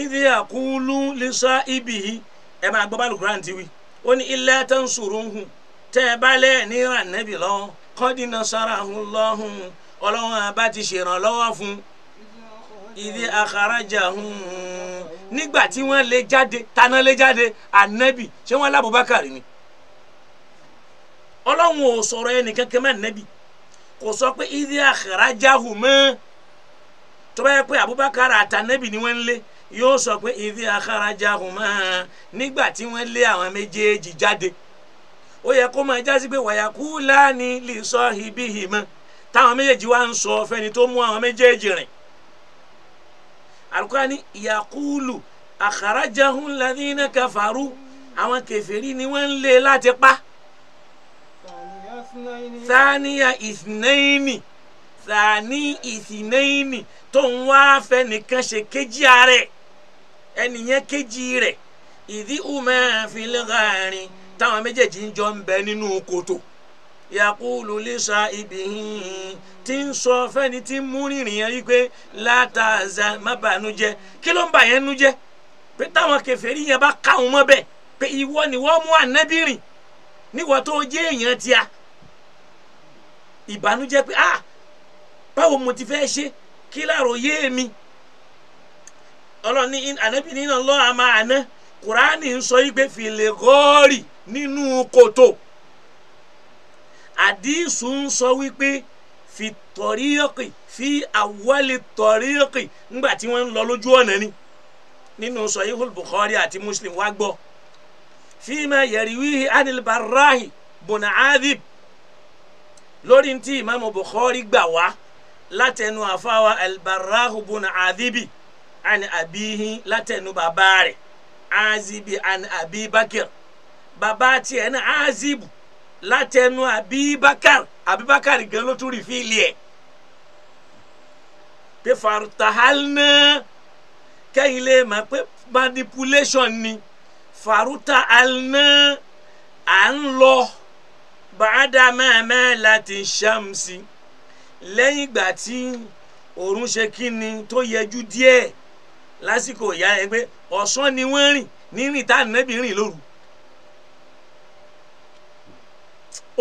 ìdí àkúlù lisa ibi yìí ẹ máa gbọ́ bá alukurani ti wí ó ní ilé tó ń sòrò ń hù tẹ́ ẹ bá lẹ́ ní rànẹ́bì lọ kọ́dí nasara hùn lọ́hùn ọlọ́run àbá ti ṣèrànlọ́wọ́ fún ìdí àkàràjà hùn nígbà tí wọ́n lè jáde tana lè jáde ànẹ́bì ṣé wọ́n lábùbákàrí ni ọlọ́run ò sọ̀rọ̀ ẹnìkan kẹ́mẹ́ ànẹ́bì kò sọ pé ìdí àkàràjáhù mọ́ tó bá yẹ pé Abubakar àtànẹ́bì ni wọ́n ń lé yóò sọ pé ìdí àkàràjáhù mọ́ nígbà tí wọ́n lé àwọn méjèèjì jáde ó yẹ kó máa jásí pé wàyàkú láàní lè sọ ibi yìí mọ́ táwọn méjèèjì wá ń sọ fẹ́ni tó mú àwọn méjèèjì rìn alukura ni yakulu àkàràjáhù ladina kafaru àwọn kèfèrí ni wọ́n ń lé láti pa sáníyà ìsìnẹ́yìnì sàní ìsìnẹ́yìnì tó ń wá fẹ́ nìkan ṣe kejì rẹ̀ ẹnìyẹn kejì rẹ̀ ìdí umẹ́ fìlẹ́gàrin táwọn méjèèjì ń jọ ń bẹ nínú kòtò yakulu lisa ibihin tí ń sọ fẹ́ni tí ń mú rìnrìn yẹn wípé látàzà má bànújẹ́ kí ló ń bà yẹn nú jẹ́ pé táwọn kèfèrí yẹn bá káwọn mọ́ bẹ́ẹ̀ pé ìwọ ni wọ́n mú ànábìrìn níwọ̀ tó jẹ́ èèyàn tíya ìbànújẹ́ pé ah báwo mo ti fẹ́ ṣe kí láàrọ̀ yé mi ọlọ́ni ànábì nínú ọlọ́run àmà àná kùránì ń sọ yìí pé fìlè gọ́ọ̀rì nínú kòtò àdìsù ń sọ wípé fi tọ̀ríọ̀kì fi àwọ̀lì tọ̀ríọ̀kì ńgbà tí wọ́n ń lọ lójú ọ̀nà ni nínú sọ̀yìhùl Bukhari àti Muslim wá gbọ́ fíìmà yẹ̀rìwíhì anilbarahi bùnà adib lórí ntí imaamu bukhari gbà wá látẹnu àfáwa albarahu bun adibi ani abihi látẹnu bàbá rẹ̀ azibi ani abibakir bàbá tiẹ̀ náà azibu látẹnu abibakar abibakar gan ló tún rí fíìlì ẹ̀ pé farutahalna kẹ́yìn lè mọ̀ pé manipulation ni farutahalna à ń lọ bàádà mẹ́ẹ̀mẹ́ láti ṣàmùsí lẹ́yìn ìgbà tí òòrùn ṣe kí ni tó yẹjú díẹ̀ lásìkò ìyá yẹn pé ọ̀sán ni wọ́n rìn ní rìn tá ànábì rìn lóru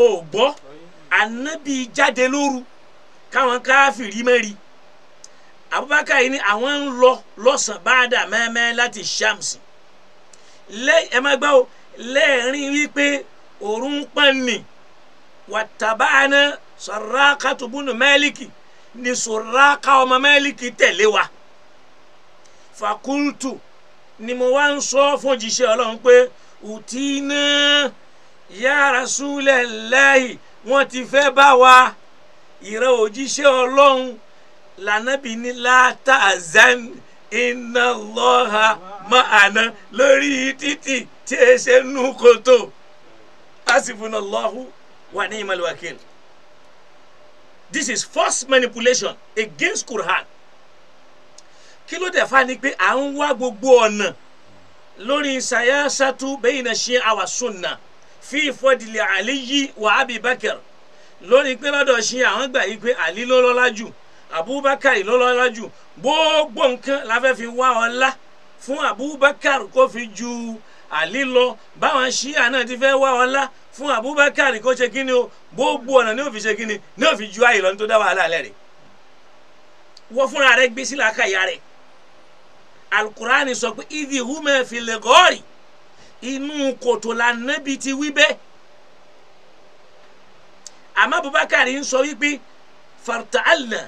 ò gbọ́ ànábì jáde lóru káwọn káfìrí mẹ́rin Abubakar yìí ni àwọn ń lọ lọ́sàn-án bàádà mẹ́ẹ̀mẹ́ láti ṣàmùsí lẹ́yìn ẹ̀ máa gbá o lẹ́ẹ̀rín wípé òòrùn pọ́n nì wattaba'ana Surraqatu bunu Maliki ni Surraqa ọmọ Maliki tẹ̀lé wa fakultu ni mo wá ń sọ fún òjíṣẹ́ Ọlọ́run pé ùtínà ya Rasulallahi wọ́n ti fẹ́ bá wa ìrẹ́ òjíṣẹ́ Ọlọ́run lànàbí ni la ta'zan inna Allaha ma'ana lórí títì tí ẹ ṣe nú kòtò asifuna wa ni'mal wakil this is false manipulation against Quran kí ló dẹ̀ fa ni pé à ń wá gbogbo ọ̀nà lórí sayasatu bayna Shia wa sunna fi fadli Aliyi wa Abi Bakr lórí pé lọ́dọ̀ Shia àwọn gbà yí pé àlí ló lọ́lá jù Abubakar ló lọ́lá jù gbogbo nǹkan la fẹ́ fi wá ọlá fún Abubakar kó fi ju àlí lọ báwọn Shia náà ti fẹ́ wá ọlá fún Abubakar kó ṣe kíni o gbogbo ọ̀nà ní òfin ṣe kíni ní òfin ju àyè lọ ní tó dá wàhálà lẹ̀ rẹ̀ wọ́n fúnra rẹ̀ gbé sí làákàyà rẹ̀ alukurani sọ pé ìdí ìhùmẹ̀ fi lè gọ́ọ̀rì inú kòtò la nẹ́bi ti wí bẹ́ẹ̀ àmọ́ Abubakar ń sọ wípé fartaalna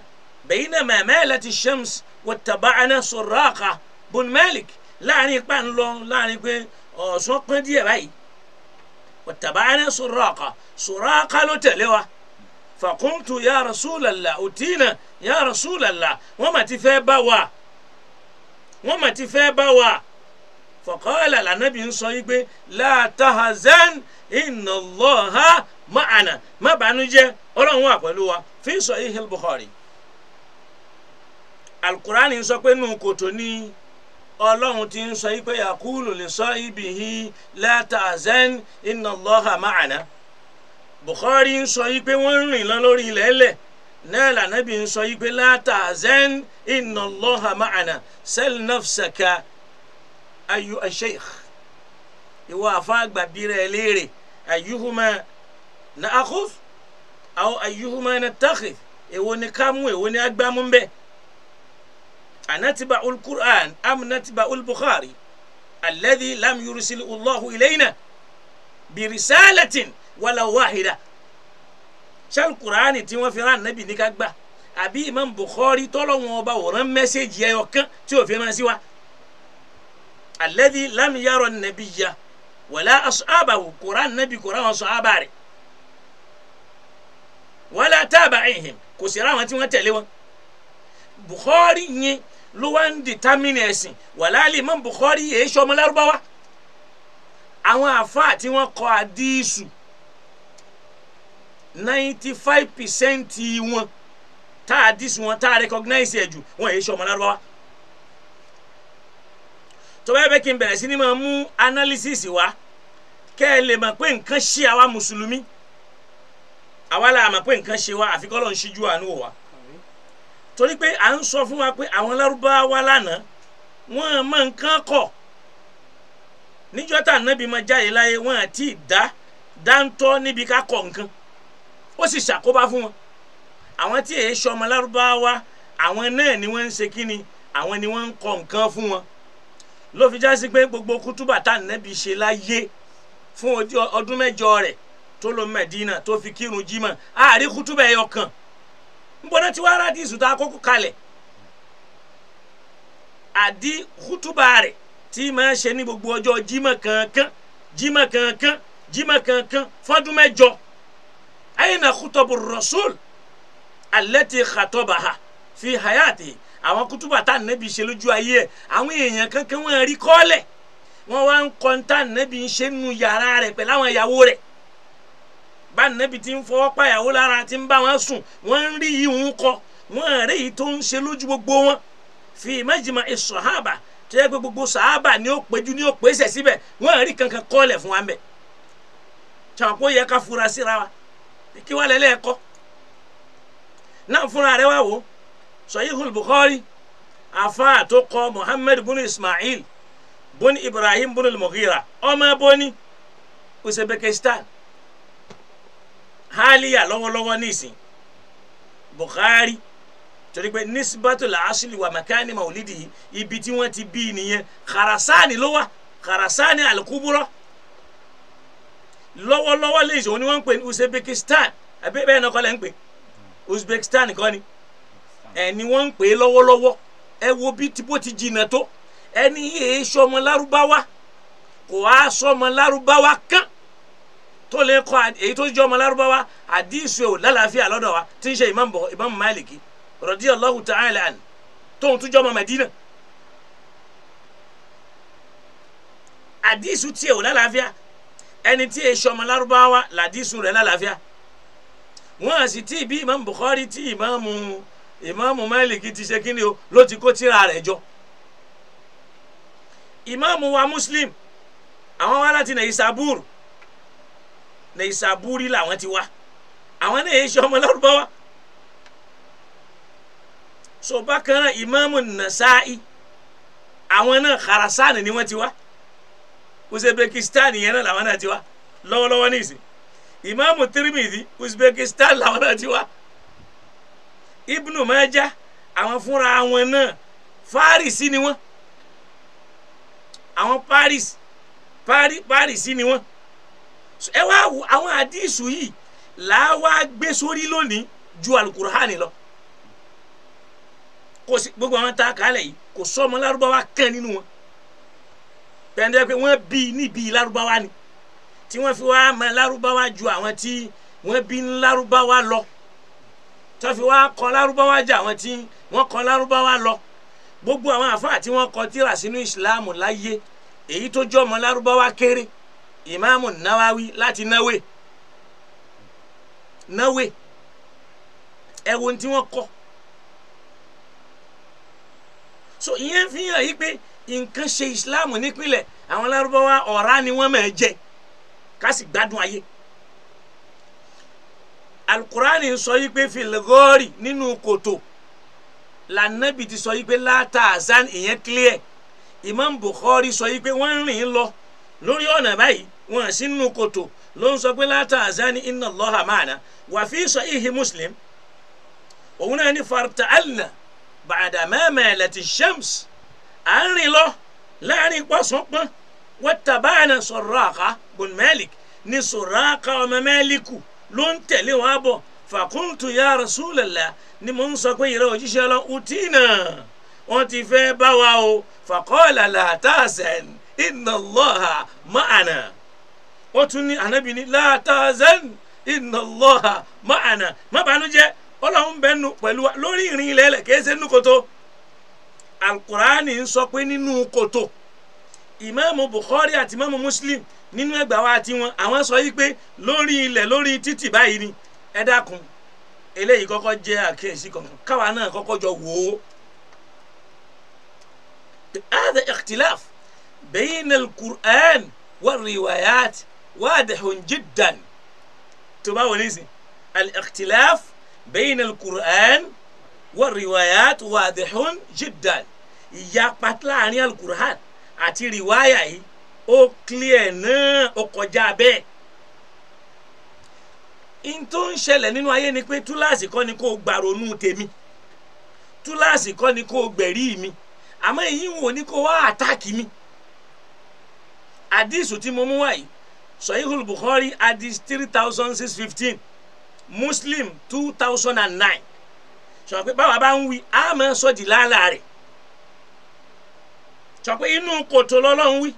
bẹ̀yìnà mẹ́mẹ́lẹ́ ti shams wọ́tàbáàná Suraqa bùnmẹ́lìk láàrin ipá ńlọ láàrin pé ọ̀sán pọ́n díẹ̀ báyìí wattaba'ana Suraqa Suraqa ló tẹ̀lé wa faqultu ya Rasulallah utina ya Rasulallah wọ́n mà ti fẹ́ bá wa wọ́n mà ti fẹ́ bá wa faqala lànàbí ń sọ yìí pé la tahzan inna Allaha ma'ana má bànújẹ́ ọlọ́run wà pẹ̀lú wa fi sahih al-Bukhari Al-Qur'ani ń sọ pé nù ọlọ́run ti ń sọ yìí pé yakulu lè sọ ibi yìí láta zen inna Allaha ma'ana Bukhari ń sọ yìí pé wọ́n ń rìn lọ lórí ilẹ̀ ẹlẹ̀ náà lànàbí ń sọ yìí pé láta zen inna Allaha ma'ana sel nafsaka ayu asheikh ìwọ àfáàgbà bírẹ̀ léèrè ayuhuma na akhuf aw ayuhuma na takhif èwo ni ká èwo ni agbámú bẹ́ẹ̀ anatiba ulkur'an am natiba ulbukhari alladhi lam yurisil allahu ilayna birisalatin wala wahida ṣal kur'ani tí wọ́n fi rán nabi ní ká gbà àbí imam bukhari tọ́lọ́wọ́n ọba wòran mẹ́sẹ̀gì ẹyọ kan tí ò fi rán sí wa alladhi lam yara nabiya wala ashabahu kur'an nabi kur'an wọn sahaba wala tabaihim kò sí ra wọn tí wọ́n bukhari yẹn ló wá ń determine ẹ̀sìn wàláàlì Imam Bukhari yìí ṣe ọmọ lárúbáwá àwọn àfáà tí wọ́n kọ àdísù ninety five percent wọn tá àdísù wọn tá recognize ẹ̀ jù wọ́n yìí ṣe ọmọ lárúbáwá tó bá yẹ kí n bẹ̀rẹ̀ sí ni máa mú analysis wá kẹ́ ẹ lè mọ̀ pé nǹkan ṣe àwa mùsùlùmí àwa la mọ̀ pé nǹkan ṣe wa àfikọ́ lọ́n ṣíjú àánú wa torí pé à ń sọ fún wa pé àwọn lárúbáwá lánàá wọ́n mọ̀ nǹkan kọ̀ níjọ́ tá ànábì máa jáde láyé wọ́n àti ìdá dáńtọ́ níbi ká kọ̀ nǹkan ó sì ṣàkóbá fún wọn àwọn tí èyí ṣe ọmọ lárúbáwá àwọn náà ni wọ́n ń ṣe kíni àwọn ni wọ́n ń kọ̀ nǹkan fún wọn ló fi já sí pé gbogbo kútúbà tá ànábì ṣe láyé fún ọdún mẹ́jọ rẹ̀ tó lọ Mẹ́dínà tó fi kírun jímọ̀ àárí kútúbà ẹyọ kan nbọnà tí wàá rádi ìsùtà àkókò kalẹ̀ àdí hútùbà rẹ̀ tí máa ṣe ní gbogbo ọjọ́ jímọ̀ kankan jímọ̀ kankan jímọ̀ kankan fọ́dún mẹ́jọ ayna khutabu rasul allati khatabaha fi hayati àwọn kútùbà tá nẹ́bi ṣe lójú ayé ẹ̀ àwọn èèyàn kankan wọ́n rí kọ́lẹ̀ wọ́n wá ń kọ́ ń tá nẹ́bi ń yàrá rẹ̀ pẹ̀lú àwọn ìyàwó rẹ̀ bá nẹ́bi ti ń fọwọ́ pàyàwó lára ti ń bá wọn sùn wọ́n ń rí yìí ń kọ wọ́n rẹ̀ yìí tó ń ṣe lójú gbogbo wọn fi mẹ́jìmá ìsọ̀hábà tó yẹ pé gbogbo sàhábà ni ó péjú ni ó pèsè síbẹ̀ wọ́n rí kankan kọ́lẹ̀ fún wa mẹ́ tàwọn yẹ ká fura síra wa kí wàá lẹ́lẹ́ ẹ̀kọ́ náà fúnra rẹ̀ wá wò Sahihul Bukhari àfáà tó kọ Muhammad bin Ismail bin Ibrahim bin mughira ọmọ bóni Uzbekistan haliya lọ́wọ́lọ́wọ́ nísìn Bukhari torí pé nisbatul asili wa makani maulidi ibi tí wọ́n ti bí nìyẹn Kharasani ló wà Kharasani alukuburo lọ́wọ́lọ́wọ́ lè ṣe òní wọ́n ń Uzbekistan àbí bẹ́ẹ̀ náà kọ́ ń pè Uzbekistan kọ́ ni ẹ̀ ni wọ́n ń pè é lọ́wọ́lọ́wọ́ ẹ wo bí bó ti jìnnà tó ẹni yéé sọmọ larubawa kò á sọmọ lárúbáwá kán tó lè kọ́ èyí tó jẹ́ ọmọ lárúbáwá àdìsí ò lálàáfíà lọ́dọ̀ wa tí ń ṣe ìmáàmù ìmáàmù máàlìkì radiyallahu ta'ala an tóun tó jẹ́ ọmọ mẹ́dínà àdìsí tiẹ̀ ò lálàáfíà ẹni tí èyí ṣe ọmọ lárúbáwá làdìsí rẹ̀ lálàáfíà wọ́n á sì tí ìbí ìmáàmù Bukhari tí ìmáàmù ìmáàmù máàlìkì ti ṣe kíni o ló ti kó tírà rẹ̀ jọ ìmáàmù wa Muslim àwọn wá láti Naisabur Naisaburi làwọn ti wá àwọn náà yẹ ṣe ọmọ lárúbáwá so bákan náà Imamu Nasa'i àwọn náà Kharasan ni wọ́n ti wá Uzbekistan yẹn náà làwọn náà ti wá lọ́wọ́lọ́wọ́ nísìn Imamu Tirmidhi Uzbekistan làwọn náà ti wá Ibnu Majah àwọn fúnra wọn náà Faris ni wọ́n àwọn Paris Paris Paris ni wọ́n ẹ wá àwọn àdìsù yìí làwa gbé sórí lónìí ju alukur'ani lọ kò sí gbogbo àwọn tá a kàálẹ̀ yìí kò sọ́mọ lárúbáwá kan nínú wọn pẹ̀lú pé wọ́n bí níbi larubawa ni tí wọ́n fi wá mọ lárúbáwá ju àwọn tí wọ́n bí ní lárúbáwá lọ tó fi wá kọ́ lárúbáwá ju àwọn tí wọ́n kọ́ lárúbáwá lọ gbogbo àwọn àfáà tí wọ́n kọ tírà sínú ìsìláàmù láyé èyí tó jọ ọmọ lárúbáwá kéré ìmáàmù náwáwí láti náwé náwé ẹ wo tí wọ́n so ìyẹn fi hàn yìí pé nǹkan ṣe ìsìláàmù nípìnlẹ̀ àwọn lárúbáwá ọ̀rá ni wọ́n máa jẹ ká sì gbádùn ayé alukurani sọ yìí pé filigori nínú kòtò lànàbì ti sọ yìí pé látàzán ìyẹn clear Imam Bukhari sọ yìí pé wọ́n rìn lọ lórí ọ̀nà báyìí wọn sínú kòtò ló ń sọ pé látà àzáni inna Allaha ma'ana wà fi sahihi Muslim òun náà ní farta alna ba'da ma malati shams à ń rìn lọ láàrin pọ́sánpọ́n wattaba'ana Surraqa bun Malik ní Surraqa ọmọ Maliku ló ń tẹ̀lé wọn bọ̀ fàkúntù ya Rasulullah ni mò ń sọ pé ìrẹ́ òjíṣẹ́ lọ utina wọ́n ti fẹ́ bá wa o faqala la ta'zan inna Allaha ma'ana ó tún ní anabi ní la tahzan inna Allaha ma'ana má bànújẹ́ Ọlọ́run bẹ nu pẹ̀lú wa lórí ìrìn ilẹ̀ ẹlẹ̀ kìí ṣe nínú kòtò alukurani ń sọ pé nínú kòtò ìmáàmù Bukhari àti ìmáàmù Muslim nínú ẹgbàá wa àti wọn àwọn sọ yìí pé lórí ilẹ̀ lórí títì báyìí ni ẹ dákun eléyìí kọ́kọ́ jẹ́ àkíyèsí kankan káwa náà kọ́kọ́ jọ wò ó. هذا اختلاف بين القرآن والروايات wadihun jiddan tó bá wọlé sí al-ikhtilaf bayna al-Qur'an wa riwayat wadihun jiddan ìyapa láàrin al-Qur'an àti riwaya yìí ó clear náà ó kọjá bẹ́ẹ̀ in tó ń ṣẹlẹ̀ nínú ayé ni pé túláàsì kọ́ ni kò gbàrònú tèmi túláàsì kọ́ ni kò gbẹ̀rí mi àmọ́ èyí ń wò ní kò wá àtáàkì mi àdísù tí mo mú wá yìí sọ̀yìhùl bukhari hadith three thousand six fifteen muslim two thousand and nine sọ pé báwa bá ń wí a máa sọ di lálá rẹ̀ sọ pé inú kòtò lọ́lọ́run wí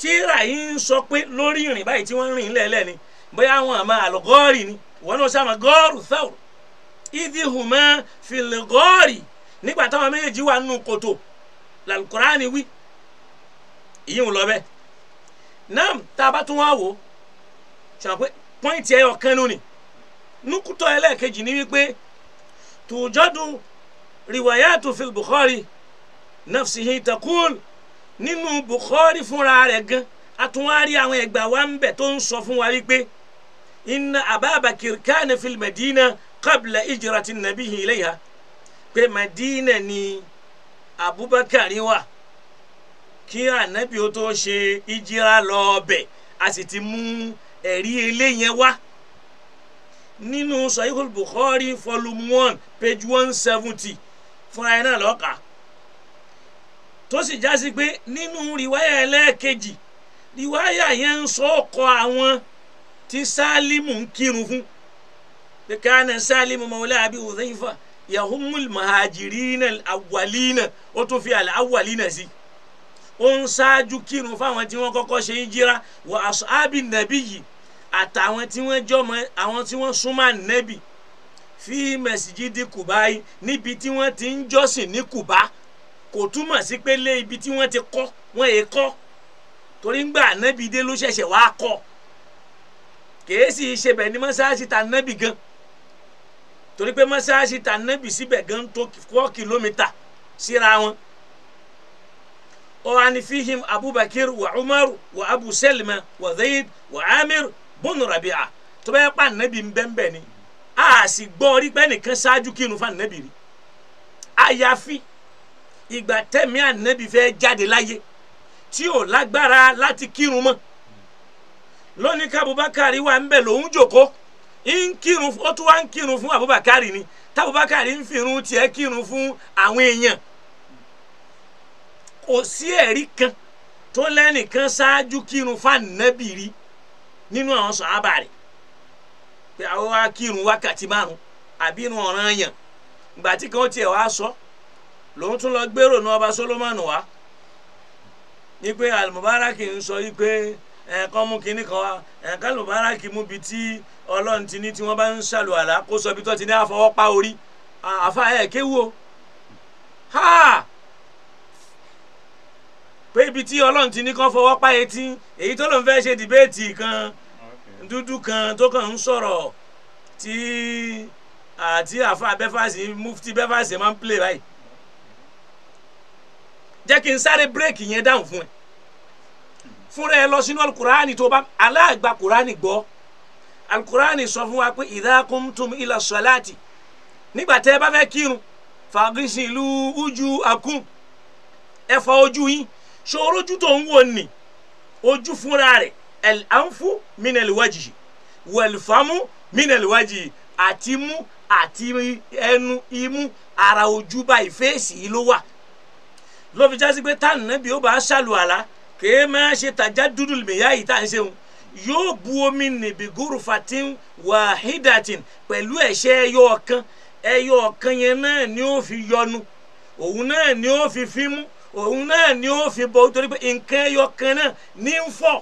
tíra yìí ń sọ pé lórí ìrìn báyìí tí wọ́n ń rìn lẹ́lẹ́ ni bóyá àwọn àmọ́ àlọ́gọ́rì ni wọ́n náà sàmọ́ gọ́ọ̀rù thawr ìdíhùnmọ́ fìlẹ̀gọ́ọ̀rì nígbà táwọn méjèèjì wà nínú kòtò làlùkùránì wí ìyí ń lọ bẹ́ẹ̀ náà tá a bá tún wá wò ó ṣàpè pọ́ìntì ẹyọ kan lónìí nukutọ ẹlẹ́ẹ̀kejì ni wípé tùjọ́dù riwayatu fil bukhari nafsihi takul nínú bukhari fúnra rẹ̀ gan atúnwárí àwọn ẹgbàá wa ń bẹ̀ tó ń sọ fún wa wípé inna ababakir kana fil madina qabla ijrati nabihi ilayha pé madina ni abubakar wà kí ànábì ó tó ṣe ìjírá lọ ọbẹ̀ a sì ti mú ẹ̀rí eléyẹn wá nínú Sahihul Bukhari volume one page one seventy fúnra ẹ̀ náà lọ́ka tó sì já sí pé nínú rìwáyà ẹlẹ́ẹ̀kejì rìwáyà yẹn ń sọ ọkọ àwọn tí Sálímù ń kírun fún pé káàna Sálímù mawla Abi Hudhayfa yahumul mahajirina awwalina ó tún fi al awwalina sí. Si ó ń ṣáájú kírun fáwọn tí wọ́n kọ́kọ́ ṣe hijira wọ aṣáábì nàbí yìí àtàwọn tí wọ́n jọmọ àwọn tí wọ́n súnmọ́ nàbí fi mẹsìgídì kùbá yìí níbi tí wọ́n ti ń jọ́sìn ní kùbá kò túmọ̀ sí pé lé ibi tí wọ́n ti kọ́ wọ́n èé kọ́ torí ńgbà nàbí dé ló ṣẹ̀ṣẹ̀ wá kọ́ kèé sì ṣe bẹ̀ ní mọ́ṣáláṣí ta nàbí gan torí pé mọ́ṣáláṣí ta nàbí síbẹ̀ gan tó 4 kìlómítà síra wọn. وعن فيهم أبو بكر وعمر وأبو سلمة وزيد وعامر بن ربيعة tó bá yẹ pa ànábì ńbẹ́ńbẹ́ ni a si gbọ́ rí pé ẹnìkan ṣáájú kírun fún ànábì rí àyàfi ìgbà tẹ̀mí ànábì fẹ́ jáde láyé tí ò lágbára láti kírun mọ́ lónìí ká Abubakar ni ò sí ẹ̀rí kan tó lẹ́nìkan ṣáájú kírun fáànàbì rí nínú àwọn sàhábà rẹ̀ pé àwọn wá kírun wákàtí márùn àbí irun ọ̀ràn yàn ìgbà tí kan tiẹ̀ wá sọ lòun tún lọ gbèrò ní ọba Solomoni wá ní pé alimubaraki ń sọ yí pé ẹ̀ẹ̀kan mú kinní kan wá ẹ̀ẹ̀kan alimubaraki mú bi tí ọlọ́run ti ní tí wọ́n bá ń ṣàlùwàlá kó sọ ibi tó ti ní àfọwọ́pá orí àfa ẹ̀ kéwu o ha pé ibi tí ọlọ́run ti ní kán fọwọ́ pa etí èyí tó lòun fẹ́ ṣe dìbéètì kan dúdú kan tó kàn ń sọ̀rọ̀ tí àti àfa bẹ́fàsì mufti bẹ́fàsì máa ń plé báyìí jẹ́ kí n sáré bírèkì yẹn dáhùn fún ẹ fúnra ẹ lọ sínú alukuraani tó bá aláàgbà kuraani gbọ́ alukuraani sọ fún wa pé idha kumtum ila salati nígbà tẹ́ ẹ bá fẹ́ kírun fagisilu uju akum ẹ fọ ojú yín ṣòro ojú tó ń wò ní ojú fúnra rẹ̀ ẹ̀lánfú mínẹ̀lìwájì wẹ̀lìfámú mínẹ̀lìwájì àti mú àti ẹnu imú ara ojú báyìí fèsì yìí ló wà ló fi jásí pé táwọn nàbí ó bá ṣàlù àlá kèé máa ṣe tàjá dúdú lèmíyá yìí tá à ń ṣeun yóò bu omi nìbí gúrùfàtín wàhídàtìn pẹ̀lú ẹ̀ṣẹ́ ẹyọ ọ̀kan ẹyọ ọ̀kan yẹn náà ni ó fi yọnu òun náà ni ó fi fímú òun náà ni ó fi bọ torí pé nǹkan ẹyọ kan náà ní ń fọ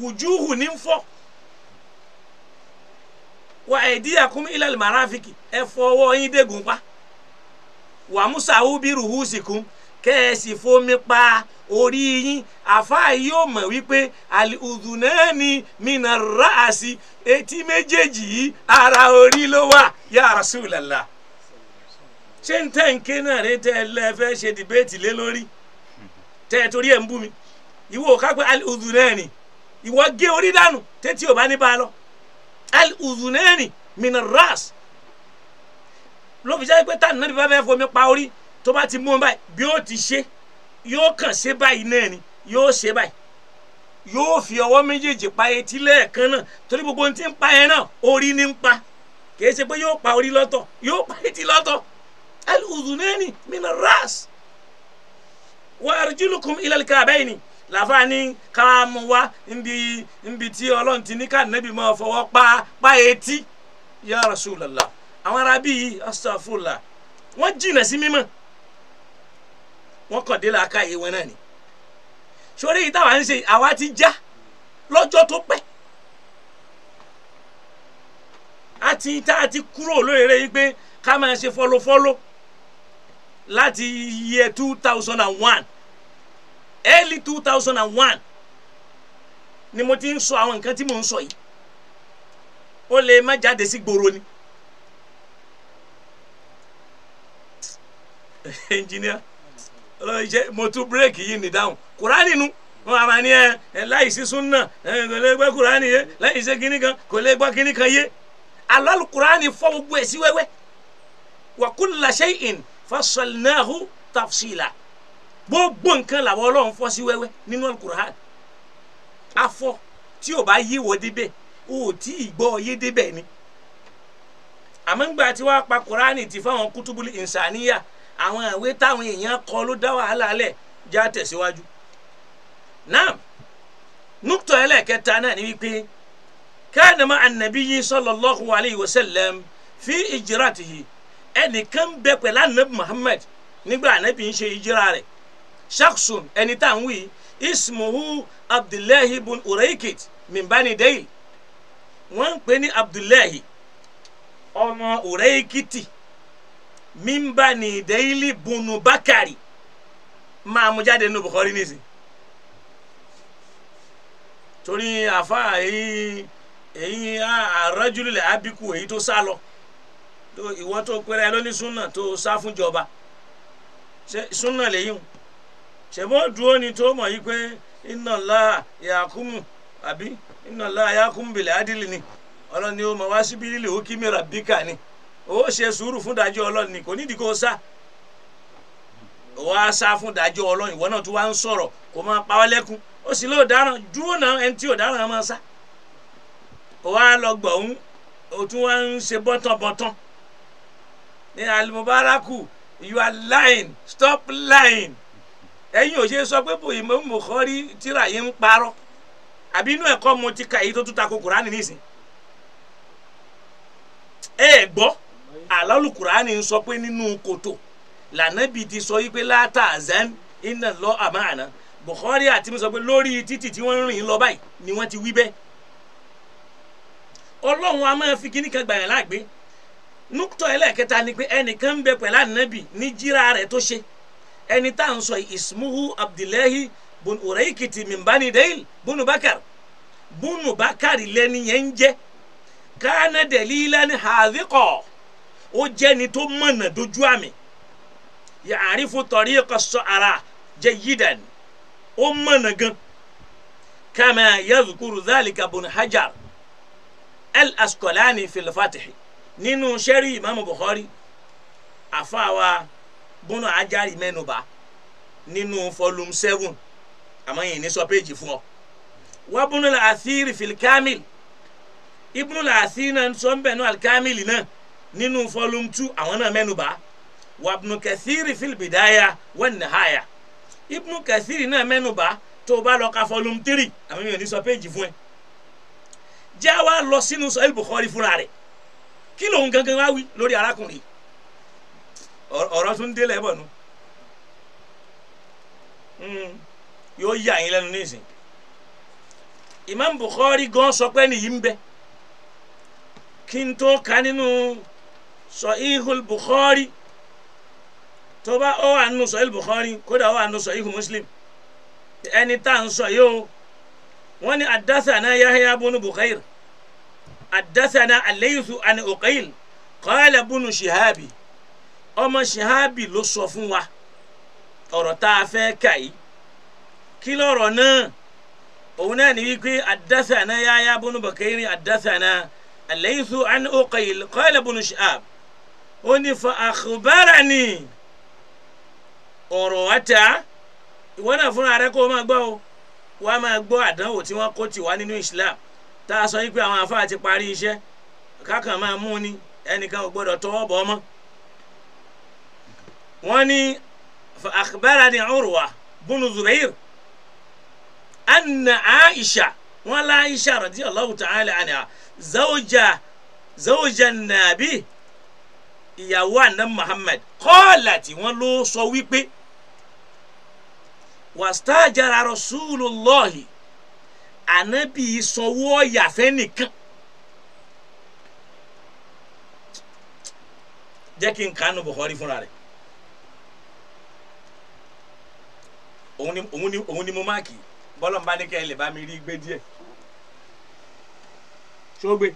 wùjúhù ní ń fọ wà aydiyakum ilal marafiki ẹ fọwọ́ yín dégùn pa wà musahu bi ruhusikum kẹ́ẹ̀sì fomi pa orí yín àfáà yóò mọ̀ wípé àlùdùnáàni mina ra'asi etí méjèèjì yìí ara orí ló wà ya Rasulullah ṣé n tẹ́ ń ké náà rẹ tẹ́ ẹ lẹ́ fẹ́ ṣe dìbẹ́ẹ̀tì lé lórí tẹ́ ẹ torí ẹ̀ ń bú mi ìwọ kápẹ́ alùzù náà ni ìwọ gé orí dànù tẹ́tí ò bá ní bá a lọ alùzù náà ni mina ras ló fi jáde pé tá nàbí bá fẹ́ fomi pa orí tó bá ti mú un báyìí bí ó ti ṣe yóò kàn ṣe báyìí náà ni yóò ṣe báyìí yóò fi ọwọ́ méjèèjì pa etí lẹ́ẹ̀kan náà torí gbogbo ohun tí ń pa ẹ náà orí ni ń pa kì í ṣe pé yóò pa orí lọ́tọ̀ yóò pa etí lọ́tọ̀ al-udhunayni min ar-ras wa arjulukum ila al-ka'bayni làfáà ní ká mú wá níbi níbi tí ọlọ́run ti ní ká nẹ́bí máa fọwọ́ pa pa etí ya rasulallah àwọn arábí yìí astaghfirullah wọ́n jìnà sí mímọ́ wọ́n kàn dé làákà yìí wọn náà ni sórí yìí táwa ń ṣe ti já lọ́jọ́ tó pẹ́ àti tá a ti kúrò lóore yìí pé ká máa ṣe Follow, follow láti year two thousand and one early two thousand and one ni mo ti ń sọ àwọn nǹkan tí mo ń sọ yìí ó lè má jáde sí gbòòrò ni ẹnjìníà ọlọ́ọ̀ṣẹ́ mo tún bírèkì yìí ní dáhùn kùránì nu wọn àmà ni ẹ ẹ láìsí súnà ẹ kò lè gbọ́ kùránì yé láìsí kíní kan kò lè gbọ́ kíní kan yé alọ́lù kùránì fọ́ gbogbo ẹ̀ sí wẹ́wẹ́ wa kulla shay'in fasalnahu tafsila gbogbo nǹkan làwọn ọlọ́run fọ́ sí wẹ́wẹ́ nínú alukur'an afọ tí o bá yíwọ débẹ̀ o ò tí ì gbọ́ ọyé débẹ̀ ni àmọ́ ńgbà tí wàá pa kuraani ti fáwọn kútubuli ìnsàníyà àwọn ìwé táwọn èèyàn kọ ló dá wàhálà lẹ̀ já tẹ̀síwájú náà nukutọ ẹlẹ́kẹta náà ni wípé káàdàmà ànàbíyí sallallahu alayhi wa sallam fi ìjìrà tìhì ẹnìkan ń bẹ pẹ̀lú anabi muhammed nígbà anabi ń ṣe ìjíra rẹ̀ shaksun ẹni tá à ń wí ismuhu abdullahi ibn ureikit mimbani deil wọ́n ń pè ní abdullahi ọmọ ureikiti mimbani deili bunu bakari máa mú jáde nínú bukhari nísìnyí torí àfa èyí èyí àrọ́júlẹ̀ abiku èyí tó sá lọ. tó ìwọ tó pere ẹ lóní súnà tó sá fúnjọba súnà lèyí o ṣèbọn dúró ni tó mọ̀ yìí pé iná yakumu yàkúmù àbí iná ńlá yàkúmù bìlẹ̀ ádìlì ni ó mọ̀ wá síbi lílì ó kí bíkà ni ó ṣe sùúrù fún kò nídìí kó sá sá fún ìwọ náà tó wá ń pa ọ ó sì lóò dáràn dúró náà ẹni tí ò dáràn máa sá lọ ó tún wá ń ṣe bọ́tán in alimubaraku you are lying stop lying ẹ̀yin ò ṣe sọ pé bòye mọ mọkọrí tíra yìí ń parọ́ àbí inú ẹ̀kọ́ mo ti ka èyí tó tún ta ko kuraani nísìn ẹ gbọ́ àlọ́lù kuraani ń sọ pé nínú kòtò lànàbì ti sọ yìí pé látà zan iná lọ àmà àná Bukhari àti mi sọ pé lórí títì tí wọ́n rìn lọ báyìí ni wọ́n ti wí bẹ́ẹ̀ ọlọ́run a máa fi kíní kan gbàyàn láàgbé nukutọ ẹlẹ́ẹ̀kẹta ni pé ẹnìkan ń bẹ pẹ̀lú ànábì ní jíra rẹ̀ tó ṣe ẹni tá à ń sọ ismuhu abdullahi bun ureikiti mimbani deil bunu bakar bunu bakar lẹni yẹn ń jẹ kánà dẹ̀lílẹ́ni hàdíkọ̀ ó jẹ́ni tó mọ̀nà dojú àmì ya'rifu tariqa su'ara jayidan ó mọ̀nà gan kama yadhkuru dhalika bun hajar al-asqalani fil nínú sẹ́rí ìmáàmù Bukhari àfáàwá bọ́nà ajárì mẹ́nuba nínú volume seven àmọ́ yìí ní sọ péjì fún ọ. wá bọ́nà làásìrì fìlkámìl ibùnú làásìrì náà sọ ń bẹ̀ nù àlkámìl náà nínú volume two àwọn náà mẹ́nuba wà bùnú kẹsìrì fìlbìdáyà wọ́n nìháyà ibùnú kẹsìrì náà mẹ́nuba tó o bá lọ ka volume three àmọ́ yìí ní sọ péjì fún ẹ. jáwa lọ sínú sọ ilbukhari fúnra rẹ̀ kí lòun gangan wá wí lórí arákùnrin ọ̀rọ̀ tún dé lẹ́bọ̀ nu hmm, yóò yà yín lẹ́nu nísìn Imam Bukhari gan sọ pé nìyí ń bẹ kí n tó ka nínú Sahihul Bukhari tó bá ọ wà nínú Sahihul Bukhari kódà ọ wà nínú Sahihul Muslim ẹni tá à ń sọ yìí o wọ́n ní adáṣà náà Yahya bunu Bukhair. حدثنا الليث عن أقيل قال ابن شهاب ọmọ ṣehábì ló sọ fún wa ọ̀rọ̀ tá a fẹ́ kà yìí kí lọ́rọ̀ náà òun náà ní wípé àdásánà yáyá bónú bàkẹ́rin àdásánà àlẹ́yìnsó àni Uqayl qala bónú ṣeháb ó ní fa akhbarani ọ̀rọ̀ wa ta ìwọ náà fúnra rẹ kó o máa gbọ́ o wàá máa gbọ́ àdánwò tí wọ́n kó tiwa nínú Islam tá a sọ yín pé àwọn àfáà ti parí iṣẹ́ kákan máa mú ni ẹnìkan ò gbọ́dọ̀ tọwọ́ bọ̀ ọmọ. wọ́n ní akhbarani Urwa bunu Zubair anna Aisha wọ́n lá Aisha radiyallahu ta'ala anha zawja zawja nabi ìyàwó àná Muhammad kọ́ọ̀làtì wọ́n ló sọ wípé wàstájára rasulullahi ànábì sanwó ọ̀yà fẹ́nìkan jẹ́ kí n kànú Bukhari fúnra rẹ̀ òun ni mo máàkì bọ́lọ̀ ń bá ní kẹ́ ẹ lè bá mi rí gbé díẹ̀ ṣó gbé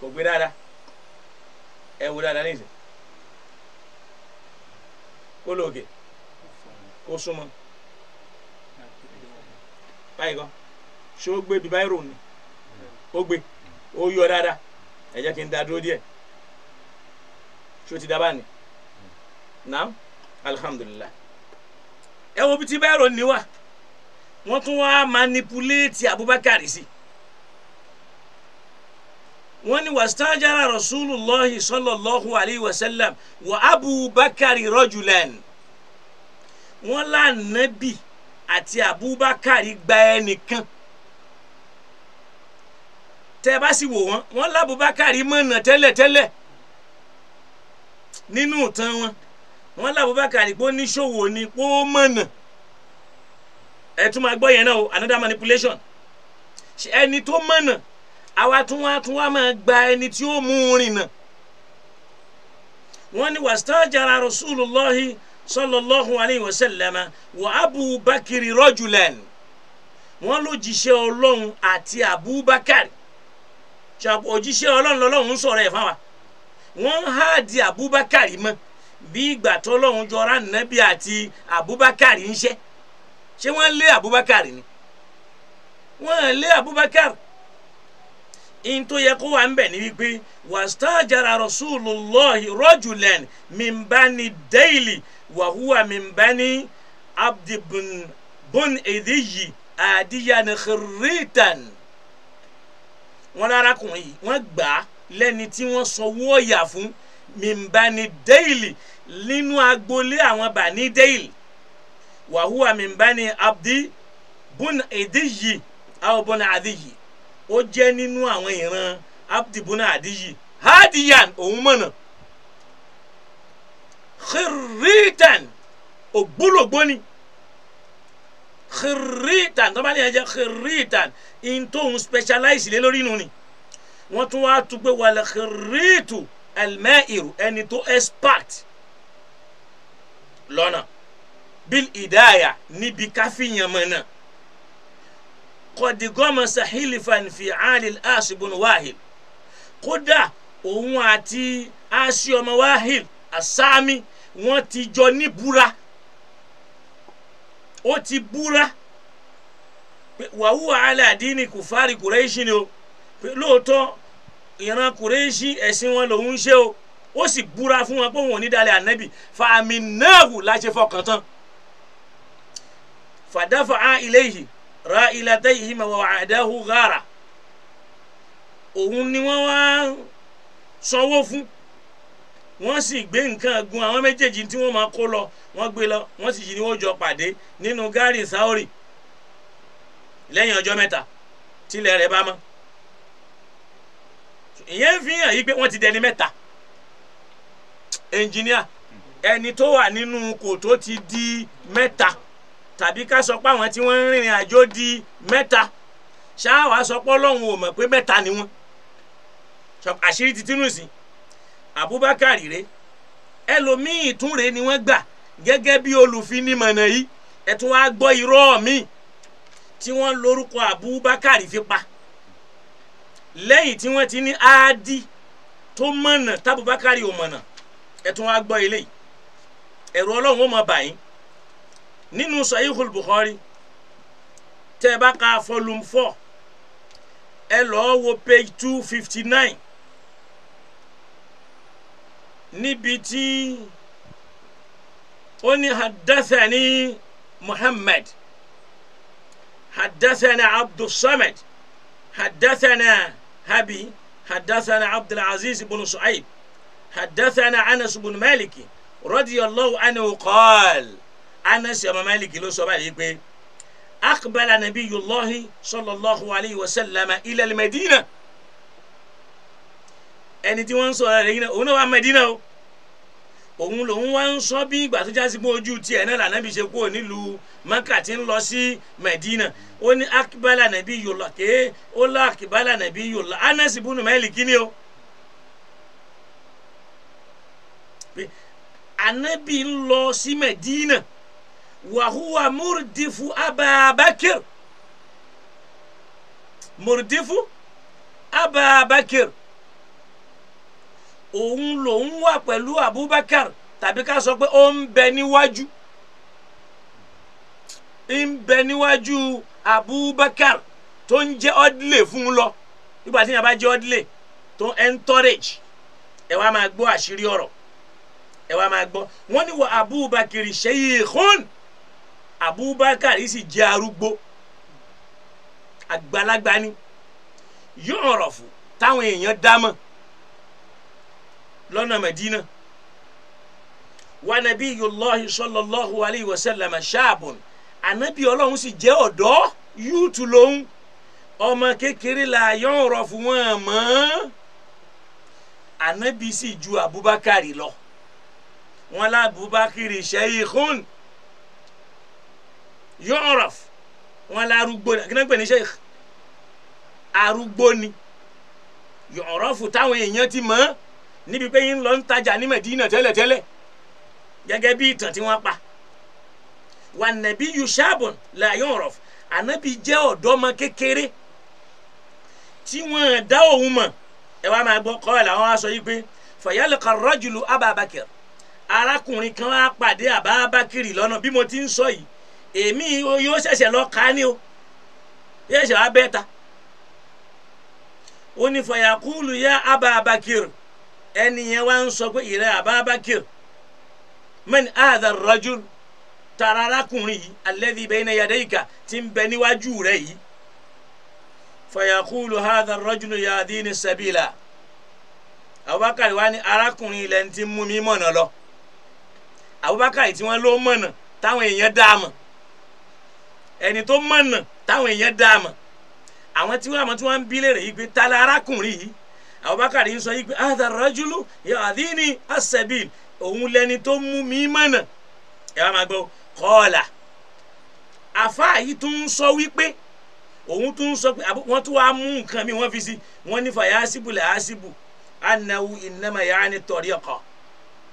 kò gbé dáadáa ẹ wo dáadáa ní ìsìn kó lóògè kó súnmọ́ báyìí kan ṣé ó gbé bí báyìí rò ní ó gbé ó yọ dáadáa ẹ jẹ́ kí n da dúró díẹ̀ ṣé ó ti dábàá ni naam alhamdulilah ẹ wo bí tí báyìí rò ní wa wọ́n tún wá manipuléètì Abubakar sí wọ́n ní wàstájára Rasulullahi sallallahu alayhi wa sallam wa Abubakar rajulan wọ́n lá nàbì àti Abubakar gba ẹnìkan tẹ bá sì wò wọn wọn l'Abubakar mọ̀nà tẹ́lẹ̀tẹ́lẹ̀ nínú ìtàn wọn wọn l'Abubakar pé oníṣòwò ni pé ó mọ̀nà ẹ tún máa gbọ́ yẹn náà o another manipulation ẹni tó mọ̀nà àwa tún wá tún wá máa gba ẹni tí ó mú un rìnnà wọn ni wàsítájára Rasulullahi sallallahu alayhi wa sallam wa abubakiri rajulan wọ́n ló jíṣẹ́ ọlọ́run àti abubakar òjíṣẹ́ ọlọ́run lọ́lọ́run ń sọ̀rọ̀ ẹ̀ fáwa wọ́n há di abubakar mọ́ bí ìgbà tọ́lọ́run jọra nàbí àti abubakar ń ṣe ṣé wọ́n lé abubakar ni wọ́n lé abubakar in tó yẹ kó wà ń bẹ̀ ni wípé wàstájára rasulullah rajulan min bani daili. وهو من بني عبد بن بن إذي آديا خريتا wọn arákùnrin yìí wọn gbà á lẹ́ni tí wọn sanwó ọ̀yà fún mimbani deili nínú agboolé àwọn bani deili wàhùwà mimbani abdi bun adiyi aobona adiyi ó jẹ́ nínú àwọn ìran abdi bun adiyi hadiyan òun mọ̀nà xirritan ògbólógbó ni xirritan tó bá ní ẹjẹ xirritan in tó ń specialize lé lórí inú ni wọ́n tún wá tún pé wàlẹ̀ xirritu almairu ẹni tó expert lọ́nà bil idaya níbi káfíyàmọ́ náà kọ̀dìgọ́mọ sahilifan fi alil asibun wahil kódà òun àti asi wahil àsámi wọ́n ti jọ níbúra ó ti búra pé wàhù àlẹ́ àdínì kùfárì kùrẹ́ṣì ni o pé lóòótọ́ ìran kùrẹ́ṣì ẹ̀sìn wọn lòún ṣe o ó sì búra fún wọn pé òun ò ní dalẹ̀ ànábì fàmì náàwù láṣẹ fọkàn tán fàdáfà á ilé yìí ra ìlàtẹ́ yìí mà wà àdáhù gàrà òun ni wọ́n wá sanwó fún wọ́n sì gbé nǹkan gun àwọn méjèèjì tí wọ́n máa kó lọ wọ́n gbé lọ wọ́n sì yí ni wọ́n jọ pàdé nínú gari saori lẹ́yìn ọjọ́ mẹ́ta tilẹ̀ rẹ̀ bá mọ́ ìyẹn fi hàn yí pé wọ́n ti dẹni mẹ́ta ẹnjìníà ẹni tó wà nínú kòtò ti di mẹ́ta tàbí ká sọ pé àwọn tí wọ́n ń rìnrìn àjò di mẹ́ta ṣáà wàá sọ pé ọlọ́run ò mọ̀ pé mẹ́ta ni wọ́n àṣírí ti tínú sí Abubakar rè ẹlòmíì tún rè ni wọ́n gbà gẹ́gẹ́ bí olùfinimọ̀nà yìí ẹ tún wá gbọ́ irọ́ mi tí wọ́n lórúkọ Abubakar fi pa lẹ́yìn tí wọ́n ti ní áádì tó mọ̀nà tábùbákàrí ò mọ̀nà ẹ tún wá gbọ́ eléyìí ẹ̀rù ọlọ́run ó mọ báyìí nínú Sahihul Bukhari tẹ́ bá ka volume four ẹ lọ́ọ́ wo page two fifty nine níbi tí ó ní hadathani muhammad hadathana abdulsamad hadathana habi hadathana abdulaziz ibn su'aib hadathana anas ibn malik radiyallahu anhu qaal anas ibn malik ló sọ báyìí pé aqbala nabiyullahi sallallahu alayhi wa sallam ila madina ẹni tí wọ́n ń sọ̀rọ̀ rẹ̀ yìí náà òun náà wà Mẹ́dínà o òun lòun wá ń sọ bí ìgbà tó jásí pé ojú tiẹ̀ náà lànàbí ṣe kúrò nílùú Mẹ́kà tí ń lọ sí Mẹ́dínà ó ní akíbálà nàbí yòlá ké ó lá akíbálà nàbí yòlá Anasi bunu Malik kíni o. Ànábì ń lọ sí Mẹ́dínà wàhùwà múrùdífù Ababakir múrùdífù Ababakir òun lòun wà pẹ̀lú Abubakar tàbí ká sọ pé ó ń bẹ níwájú ń bẹ níwájú Abubakar tó ń jẹ́ ọ́dílé fún un lọ nígbà tí yàrá bá jẹ́ ọ́dílé tó ń encourage ẹ wá máa gbọ́ àṣírí ọ̀rọ̀ ẹ wá máa gbọ́ wọ́n ní wọ Abubakar shaykhun Abubakar yìí sì jẹ́ arúgbó àgbàlagbà ni yóò rọ̀ fún táwọn èèyàn dá mọ́ lọ́nà Madina wa nabiyullahi sallallahu alayhi wa sallam ṣaabun anabi Ọlọ́run sì jẹ́ ọ̀dọ́ yúùtù lòun ọmọ kékeré la yọ̀n rọ̀ fún wọn mọ́ anabi sì ju Abubakar lọ wọn la Abubakar shaykhun yọ̀n rọ̀ wọn la arúgbó ni akínà pè ní arúgbó ni yọ̀n táwọn èèyàn ti mọ̀ níbi pé yín lọ ń tajà ní Mẹdínà tẹ́lẹ̀tẹ́lẹ̀ gẹ́gẹ́ bí ìtàn tí wọ́n pa wà nàbí yushabun layon rof ànábì jẹ́ ọ̀dọ́mọ kékeré tí wọ́n dá òun mọ̀ ẹ wá máa gbọ́ kọ́ ẹ̀ làwọn aṣọ yìí pé fàyàlùkà rọ́jùlù ababakir arákùnrin kan wá pàdé àbábákiri lọ́nà bí mo ti ń sọ yìí èmi yóò ṣẹ̀ṣẹ̀ lọ ká ní o yóò ṣẹ̀ṣẹ̀ wá bẹ́ẹ̀ ta ó ní yá ababakir ẹni yẹn wá ń sọ pé ìrẹ́ Abubakar mẹ́ni àdà rajul tara arákùnrin yìí alladhi bayna yadayka ti ń bẹ níwájú rẹ yìí fayaqulu àdà rajul yahdini sabila Abubakar wá ní arákùnrin ilẹ̀ ń ti mú mi mọ̀nà lọ Abubakar tí wọ́n ló mọ̀nà táwọn èèyàn dáàmú ẹni tó mọ̀nà táwọn èèyàn dáàmú àwọn tí wọ́n àmọ́ tí wọ́n ń bí lè rè yí pé tala arákùnrin yìí Abubakar yìí sọ yìí pé àdà rajulu yàdínì asẹ̀bìl òun lẹni tó mú mi mọ̀nà ẹ wá máa gbọ́ kọ́ọ̀là àfa yìí tún ń sọ wípé òun tún ń sọ pé wọ́n tún wáá mú nǹkan mi wọ́n fi sí wọ́n ní fàyàsíbù làásìbù ànáwó ìnáma yàrá ni tọ̀rí ọkọ̀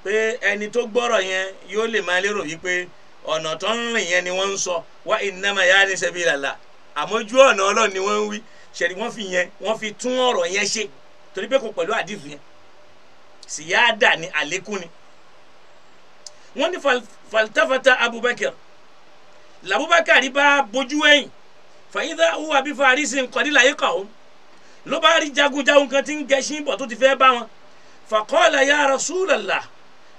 pé ẹni tó gbọ́rọ̀ yẹn yóò lè máa lérò wípé ọ̀nà tó ń rìn yẹn ni wọ́n ń sọ wá ìnáma yàrá ni sẹ́bi làlà àmójú ọ̀nà ọlọ́run wọ́n ń wí ṣẹ̀rí wọ́n fi yẹn wọ́n fi tún ọ̀rọ̀ yẹn ṣe torí pé kò pẹ̀lú àdìsí yẹn síyáàdà ni àlékún ni wọ́n ní faltafata abubakar labubakar bá bójú ẹ̀yìn fàyídà huwa bí farisi nkọ́dílà yìí kàn ó ló bá rí jagunjagun kan tí ń gẹṣin bọ̀ tó ti fẹ́ bá wọn faqala ya rasulallah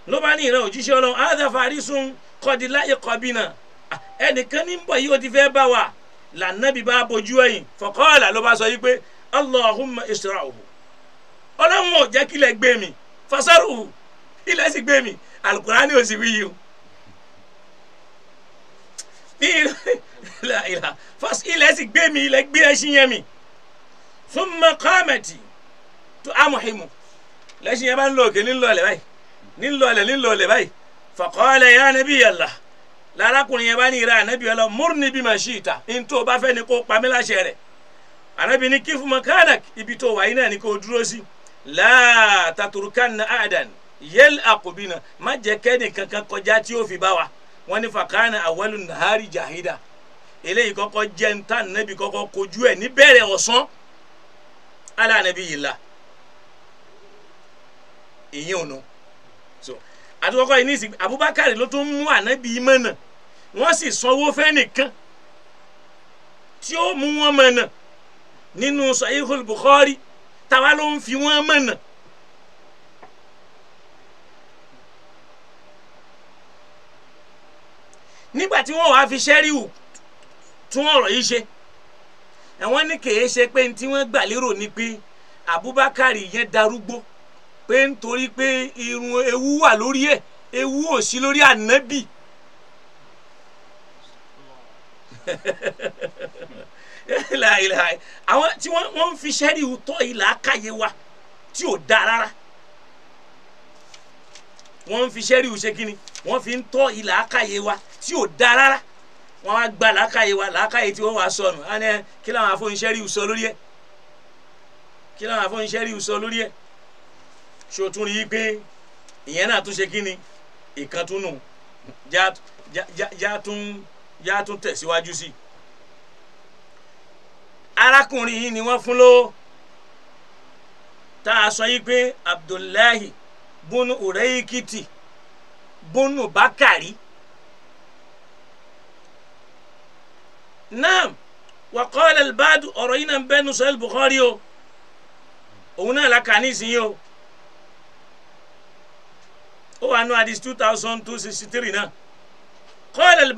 ló bá ní ìran òjíṣẹ́ ọlọ́run àádá farisun kọ́dílà yìí kọ́ bí náà ẹnìkan ní bọ̀ yìí ó ti fẹ́ bá wa lànà bá bójú ẹ̀yìn faqala ló bá sọ yìí pé allahumma isra'uhu ọlọ́run ò jẹ́ kílẹ̀ gbé mi fasaru ilẹ̀ sì gbé mi alukurani ò sì wíyí o bí ilẹ̀ sì gbé mi ilẹ̀ gbé ẹṣin yẹn mi fún mọ́kàmẹ́tì tó amọ̀hìmù lẹ́sìn yẹn bá ń lọ òkè nílò ọ̀lẹ̀ báyìí nílò ọ̀lẹ̀ nílò ọ̀lẹ̀ báyìí faqala ya nabiyallah lárakùnrin yẹn bá ní ìrẹ ànábì ọlọ múrni bima shi'ta ní tó o bá fẹ́ ni kó o pa rẹ̀ ànábì ní kí fún mọ́kànàk ibi tó wà náà ni kó dúró sí láà taturukanna àdàn yẹl àkùbínà má jẹ́ kẹ́ni kankan kọjá tí ó fi bá wa wọ́n ní fàkànà àwọlù nàárì jàhídà eléyìí kọ́kọ́ jẹ́ ntá nàbí kọ́kọ́ kojú ẹ̀ níbẹ̀rẹ̀ ọ̀sán alànàbí yìí la ìyẹn ònà so àtúkọkọ yìí ní ìsìn Abubakar ló tún mú ànábì mọ̀nà wọ́n sì sanwó fẹ́nìkan tí ó mú wọn mọ̀nà nínú Sahihul Bukhari tàwa ló ń fi wọ́n mọ̀nà. nígbà tí wọ́n wàá fi ṣẹ́ríwù tún ọ̀rọ̀ yìí ṣe àwọn ní kèé ṣe pé tí wọ́n gbà lérò ni pé Abubakar yẹn darúgbó pé nítorí pé irun ewu wà lórí ẹ̀ ewu ò sí lórí ànábì. àwọn tí wọ́n ń fi sẹ́rí tọ́ ilà káyé wa tí ò dáa rárá wọ́n ń fi sẹ́rí ṣe kí ni wọ́n fi ń tọ́ ilà káyé wa tí ò dáa rárá wọ́n wá gba làákàyè wa làákàyè tí wọ́n wá sọnù á ní kí làwọn afọ́nṣẹ́rí sọ lórí ẹ̀ kí làwọn afọ́nṣẹ́rí sọ lórí ẹ̀ ṣé o tún rí i pé ìyẹn náà tún ṣe kí ni ìkan tún nù já tún tẹ̀síwájú sí i arákùnrin yìí ni wọ́n fún lówó tá a sọ yìí pé abdullahi bunu ureikiti bunu bakari naam wa qala al-badu ọ̀rọ̀ yìí náà ń bẹ́nu sọ́yìn bukhari o òun náà la kà nísìnyí o ó wà nù hadith two thousand two sixty three náà qala al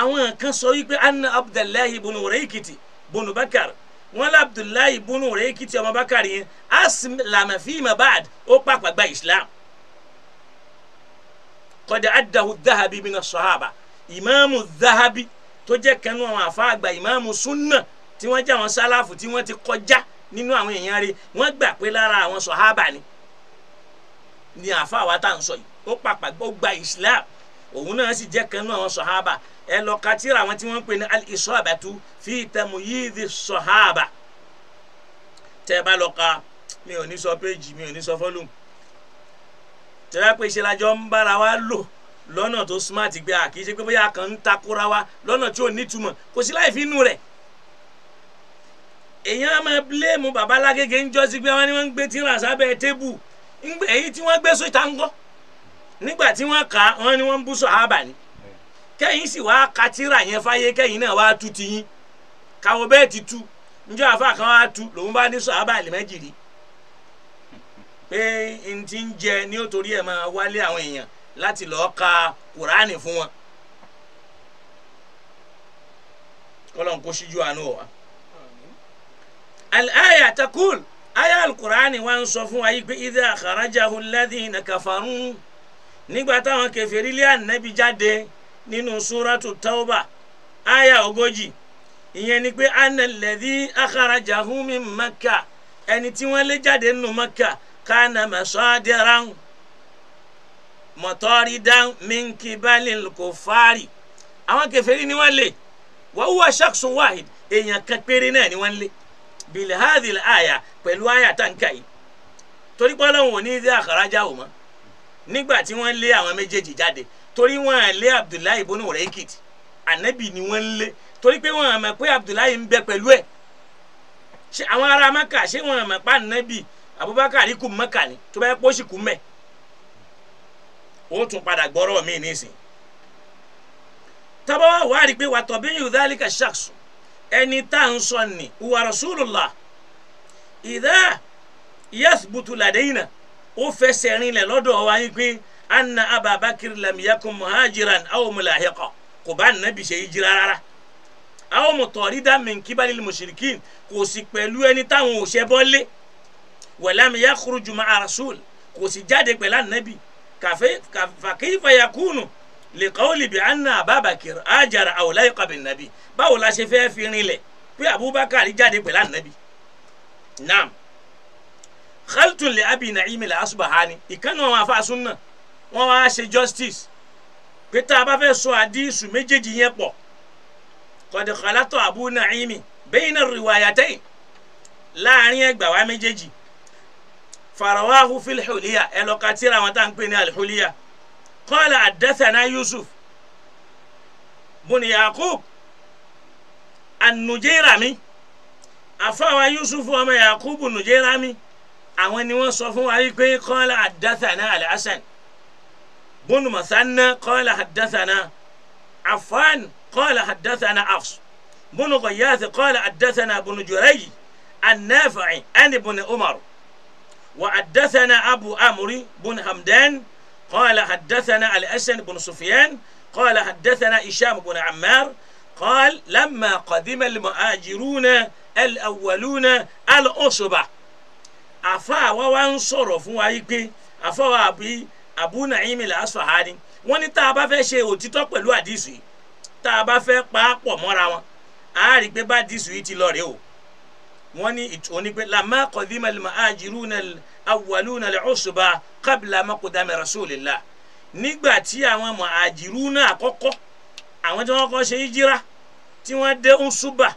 àwọn kan sọ yìí pé anna abdullahi bunu ureikiti bunu bakar wọn lé abdullahi bunu rẹkìtì ọmọ bakar yẹn asilama fíìmà bad ó pàpà gba islam kọjá adahu dahabi mina sọhábà ìmáàmù dahabi tó jẹ́ kẹnu àwọn àfáàgbà ìmáàmù sunna tí wọ́n jẹ́ àwọn sálàfù tí wọ́n ti kọjá nínú àwọn èèyàn rẹ̀ wọ́n gbà pé lára àwọn sọhábà ni ni àfáàwá tá à ń sọ yìí ó pàpà gba islam òun náà sì jẹ́ kẹnu àwọn sọhábà ẹ lọ ka tírà àwọn tí wọ́n ń pè ní al-Isabatu fi tamyizi sọ̀háàbà tẹ́ ẹ bá lọ ka mi ò ní sọ péjì mi ò ní sọ fọ́lùm tẹ́ ẹ bá pèsè lájọ ń bára wa lò lọ́nà tó smart gbé a kì í ṣe pé bóyá kàn ń takora wa lọ́nà tí ò nítumọ̀ kò sí láì fi inú rẹ̀ èèyàn á máa bíléèmù babalágége ń jọ́sí pé wọ́n ní wọ́n ń gbé tírà sábẹ́ tébù èyí tí wọ́n gbé sóta ń gọ́ nígbà tí wọ́n kà á wọ́n ní wọ́n ń bú sọ̀hábà ni kẹ́yìn sì wá katira yẹn fáyé kẹ́yìn náà wá tu ti yín káwọn ti tu njọ àfa kan wá tu lòun bá ní sọ̀hábà lè méjì rí pé n ti ń jẹ ní ó torí máa wálé àwọn èèyàn láti lọ́ọ́ ka kùránì fún wọn kọ́lọ́n kó síjú àánú wa. al-aya takul aya al wa ń sọ fún wa yìí pé idha kharajahu alladhina kafaru nígbà táwọn kèfèrí lé ànábì jáde. nínú súrátù tauba aya ogójì ìyẹn ni pé analẹ́dí akharajahum min maka ẹni tí wọ́n lé jáde nínú maka kana masadiran mọ̀tọ́ridan min kibalil kufari àwọn kèfèrí ni wọ́n lé wa huwa shakhsun wahid èèyàn kan péré náà ni wọ́n lé bilhadil aya pẹ̀lú aya tanka yìí torí pé ò ní í dé àkàrájà ò mọ́ nígbà tí wọ́n lé àwọn méjèèjì jáde torí wọ́n lé abdullahi ibn Ureykit anabi ni wọ́n lé torí pé wọ́n mọ̀ pé abdullahi ń bẹ pẹ̀lú ẹ̀ ṣe àwọn ará maka ṣé wọ́n mọ̀ pé anabi abubakar kù maka ni tó bá yẹ kó sì kú mẹ́ ó tún padà gbọ́rọ̀ mí nísìnyí tábà wà wá rí i pé wà tọ̀bí yìí dhalika shakhs ẹni tá à ń sọ ni wà rasulullah idha yathbutu ladayna ó fẹsẹ̀ rinlẹ̀ lọ́dọ̀ wa yín pé anna ababakir lam yakun muhajiran aw mulahiqa kò bá nàbì ṣe yí jira rárá aw mutorida min kibalil mushrikin kò sì pẹ̀lú ẹni táwọn ò ṣe bọ́ lé walam yakhruju ma'a rasul kò sì jáde pẹ̀lú ànábì kàfàkìfà yakunu li qawli bi anna ababakir ajara aw lahiqa bin nàbì báwo la ṣe fẹ́ fi rinlẹ̀ pé abubakar jáde pẹ̀lú ànábì naam khaltun li abi na'im al-asbahani ìkànnì wọn afa sunna wọ́n wá ṣe justice pé tá a bá fẹ́ sọ àdísù méjèèjì yẹn pọ̀ qad khalata Abu Na'imi bayna riwayatayn láàrin ẹgbà wa méjèèjì farawahu fil huliya ẹ lọ ka tírà wọn tá à ń pè ní al-huliya qala Yusuf bun Yaqub an-Nujayrami Yusuf ọmọ Yaqub an àwọn ni wọ́n sọ fún wa wípé qala haddathana al بن مسنة قال حدثنا عفان قال حدثنا عفص بن غياث قال حدثنا بن جريج النافع عن ابن عمر وحدثنا أبو أمري بن همدان قال حدثنا الأسن بن سفيان قال حدثنا هشام بن عمار قال لما قدم المهاجرون الأولون الاصبع àfa àwa wa ń وابي Abu Na'im al-Asfahani wọ́n ní tá a bá fẹ́ ṣe òtítọ́ pẹ̀lú àdìsù yìí tá a bá fẹ́ pa á pọ̀ mọ́ra wọn a rí pé bá àdìsù yìí ti lọ rèé o wọ́n ní ìtò ní pé lamma qadima al-muhajiruna al-awwaluna al-usba qabla maqdami rasulillah nígbà tí àwọn muhajiruna àkọ́kọ́ àwọn tí wọ́n kọ́ ṣe hijira tí wọ́n dé Usba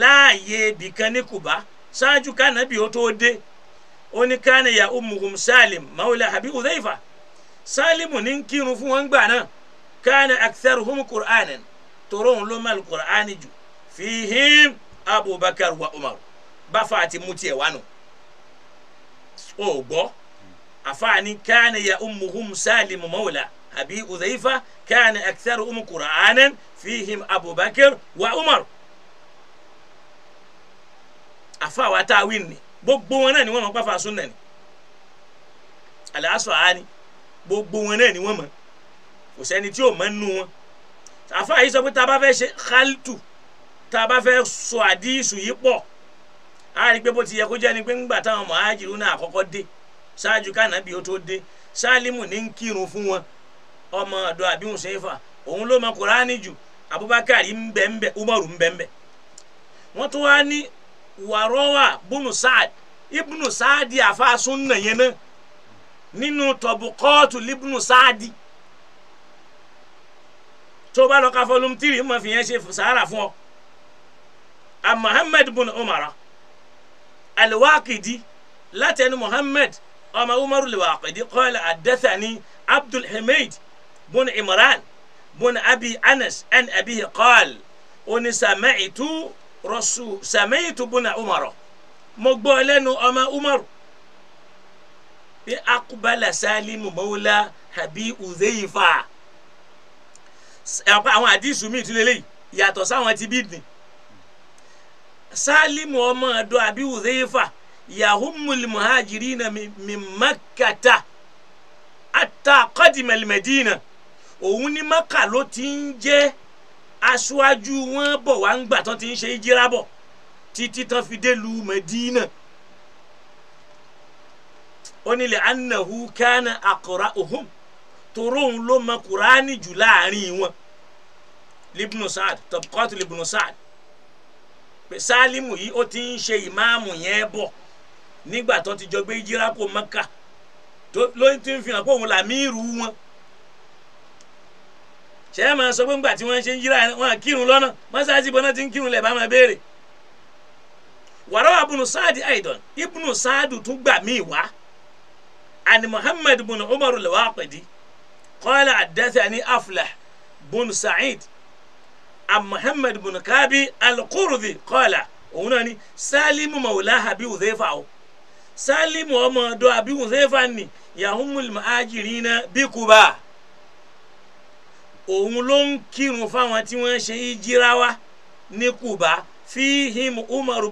láàyè ibìkan ní Kuba ṣáájú kánàbì ó tó dé ó ní kánà ya umuhum Salim mawla Abi Udhayfa sálímù ní kírun fún wọn gbà náà kana aktharuhum qur'anan tóró òun ló mẹ́lẹ̀ qur'ani jù fihim abubakar wa umar báfa àti mutí ẹ̀ wá nù ó gbọ́ àfààní kana ya ummuhum sálímù mawla àbí udhaifa kana aktharuhum qur'anan fihim abubakar wa umar àfàwà táwìn ni gbogbo wọn ni wọn máa pàfà sunna ni al gbogbo wọn náà ni wọ́n mọ̀ kò sẹ́ni tí ò mọ̀ nínú wọn àfa yìí sọ pé tá a bá fẹ́ ṣe khaltu tá a bá fẹ́ sọ àdísù yìí pọ̀ á rí i pé bó ti yẹ kó jẹ́ ni pé ńgbà táwọn mọ̀hájìrú náà àkọ́kọ́ dé ṣáájú kánàbí ó tó dé sálímù ní ń kírun fún wọn ọmọ ọ̀dọ̀ àbí hùsẹ́fà òun ló mọ kùránì jù abubakar ńbẹ́ńbẹ́ umaru ńbẹ́ńbẹ́ wọ́n tún wá ní wàrọ́wà bùnú sáàd ibùnú sáàdì àfa sunna yẹn náà nínú tọ̀bùkọ́ọ̀tù libnu sáàdì tó bá lọ ka fọlùm tìrì mọ̀ fi yẹn ṣe sàárà fún ọ a muhammed bun umara alwaqidi látẹnu muhammed ọmọ umaru alwaqidi qala haddathani abdul hamid bun imran bun abi anas an abihi qala oni sami'tu rasul sami'tu bun umara mo gbọ́ lẹ́nu ọmọ umaru ní akubala salimu mawla habi uzeifa àwọn àdìsù míì tún lélẹ́yìí yàtọ̀ sáwọn ti bí dì salimu ọmọ ọ̀dọ̀ àbí uzeifa yahumul muhajirina min makkata ata qadimal madina òun ní maka ló ti ń jẹ́ aṣáájú wọn bọ̀ wá ń gbà tán ti ń ṣe ìjírá títí tán fi dé lu madina oni le anahu kana akora ohun torun ló mọ kuraani jù láàrin wọn libnu saad tabqatu libnu saad pé sálímù yìí ó ti ń ṣe ìmáàmù yẹn bọ̀ nígbà tó ti jọ gbé jíra kó maka ló ti ń fi hàn pé òun làmírù wọn ṣe máa sọ pé ńgbà tí wọ́n ṣe ń jíra wọn kírun lọ́nà mọ́sáàsì bọ́ná ti ń kírun lẹ̀ bá máa béèrè wàrà wà bùnú sáàdì àìdàn ibùnú sáàdù tún gbà míì wá. عن محمد بن عمر الواقدي قال حدثني أفلح بن سعيد عن محمد بن كابي القرذي قال هناني سالم مولاه أبي حذيفة سالم وما دو أبي حذيفة يهم المهاجرين بكبا òun ló ń kírun fáwọn tí wọ́n ṣe ìjìra wa ní Kuba fíhìm Umar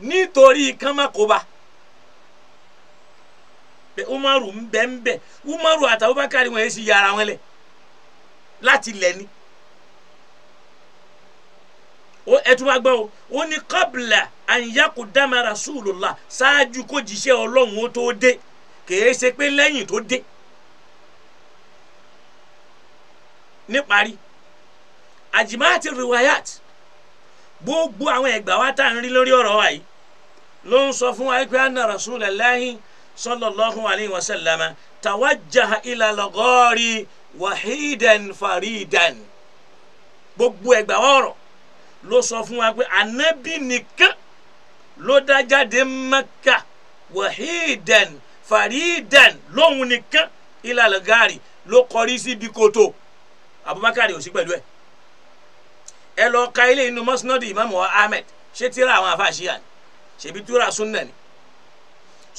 nítorí kánmákóbá umaru ń umaru àti abubakar wọn yéé ṣe yàrá wọn lẹ láti lẹ ni ó ẹtùmọ̀ o ó ní kọ́bìlà àyàkú dáma rasulullah ṣáájú kó jíṣẹ́ ọlọ́run ó tó dé kèé ṣe pé lẹ́yìn tó dé níparí àjìmáàtì riwayat gbogbo àwọn ẹgbàá wa tá à ń rí lórí ọ̀rọ̀ wa yìí ló ń sọ fún wa pé anna rasulallahi sallallahu alayhi wa sallama tawajjaha ila lagori wahidan faridan gbogbo ẹgbà ọ̀rọ̀ ló sọ fún wa pé anabi nìkan ló dá jáde maka wahidan faridan lóhun nìkan ila lagari ló kọrí sí bí koto abubakar ò sí pẹ̀lú ẹ̀ ẹ lọ ka ilé inú musnad imam ahmed ṣé tíra àwọn afáàṣìyàn ṣebí tíra sunna ni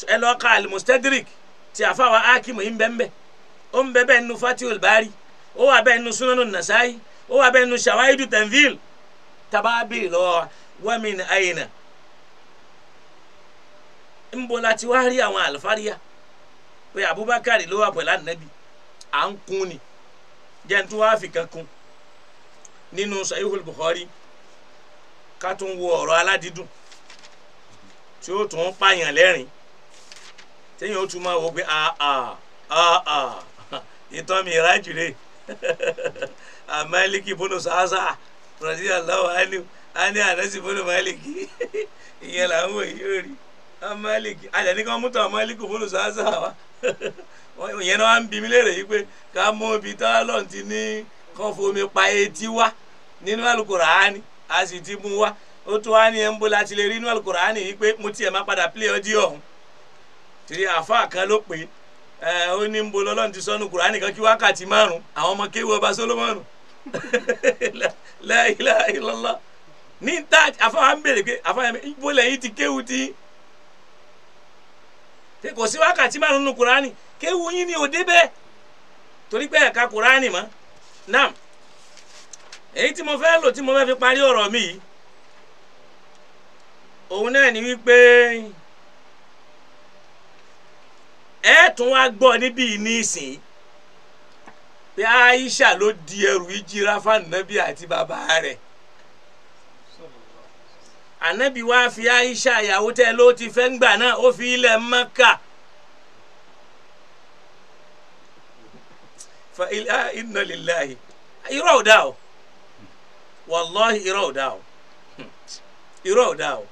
ẹ lọ ka al-Mustadrik tí àfa wa Hakim yìí ń bẹ́ẹ̀ bẹ́ẹ̀ ó ń bẹ́ẹ̀ bẹ́ẹ̀ nu Fatihul Bari ó wà bẹ́ẹ̀ nu Sunanu Nasai ó wà bẹ́ẹ̀ nu Shawaidu Tanzil tababi lọ wa min aina ń bọ̀ láti wá rí àwọn àlùfáríà Abubakar ló wà pẹ̀lú ànábì à ń kún ni jẹ́ n fi kan kún nínú Sahihul Bukhari ká tún wo ọ̀rọ̀ tí ó tún pààyàn lẹ́rìn téèyàn ó tún máa wò pé àà ah, àà ah, ah, ìtàn mi ìrájù rè àmàlìkì bónú sàásà rọ̀dí aláwọ̀ ánú ánú ànásì bónú màlìkì ìyẹn là ń wò yí ó rí àmàlìkì àjàní mú tàn àmàlìkì bónú sàásà wa ìyẹn náà ń bi mí léèrè yìí pé ká mú ibi tá a lọ́n ti ní kán fomi pa etí wá nínú Al-Kùránì a sì ti mú wá otu wá ní ẹnbó láti lè rí inú alukurani yìí pé mo tiẹ̀ máa padà play ọdí ọ̀hún tìrì àfa kan ló kurani kan kí wákàtí márùn àwọn ọmọ kéwù ọba solomoni la ni nta ní tá àfa wa ń ya pé àfa yẹn ibo ti kéwù tí kò sí wákàtí márùn nù kurani kewu yín ni ò débẹ̀ torí pé ẹ̀ka kurani ma náà èyí tí mo fẹ́ lò tí mo fẹ́ fi parí ọ̀rọ̀ mi yìí. òun náà ni wípé ẹ tún wá gbọ́ níbí nísìn pé Aisha ló di ẹrù ìjìra fanabi àti bàbá rẹ̀ anabi wá fi Aisha ìyàwó tẹ ló ti fẹ́ ń gbà náà ó fi ilẹ̀ Mẹ́kà. inna lillahi irọ́ ò dá o wallahi irọ́ ò dá o irọ́ ò dá o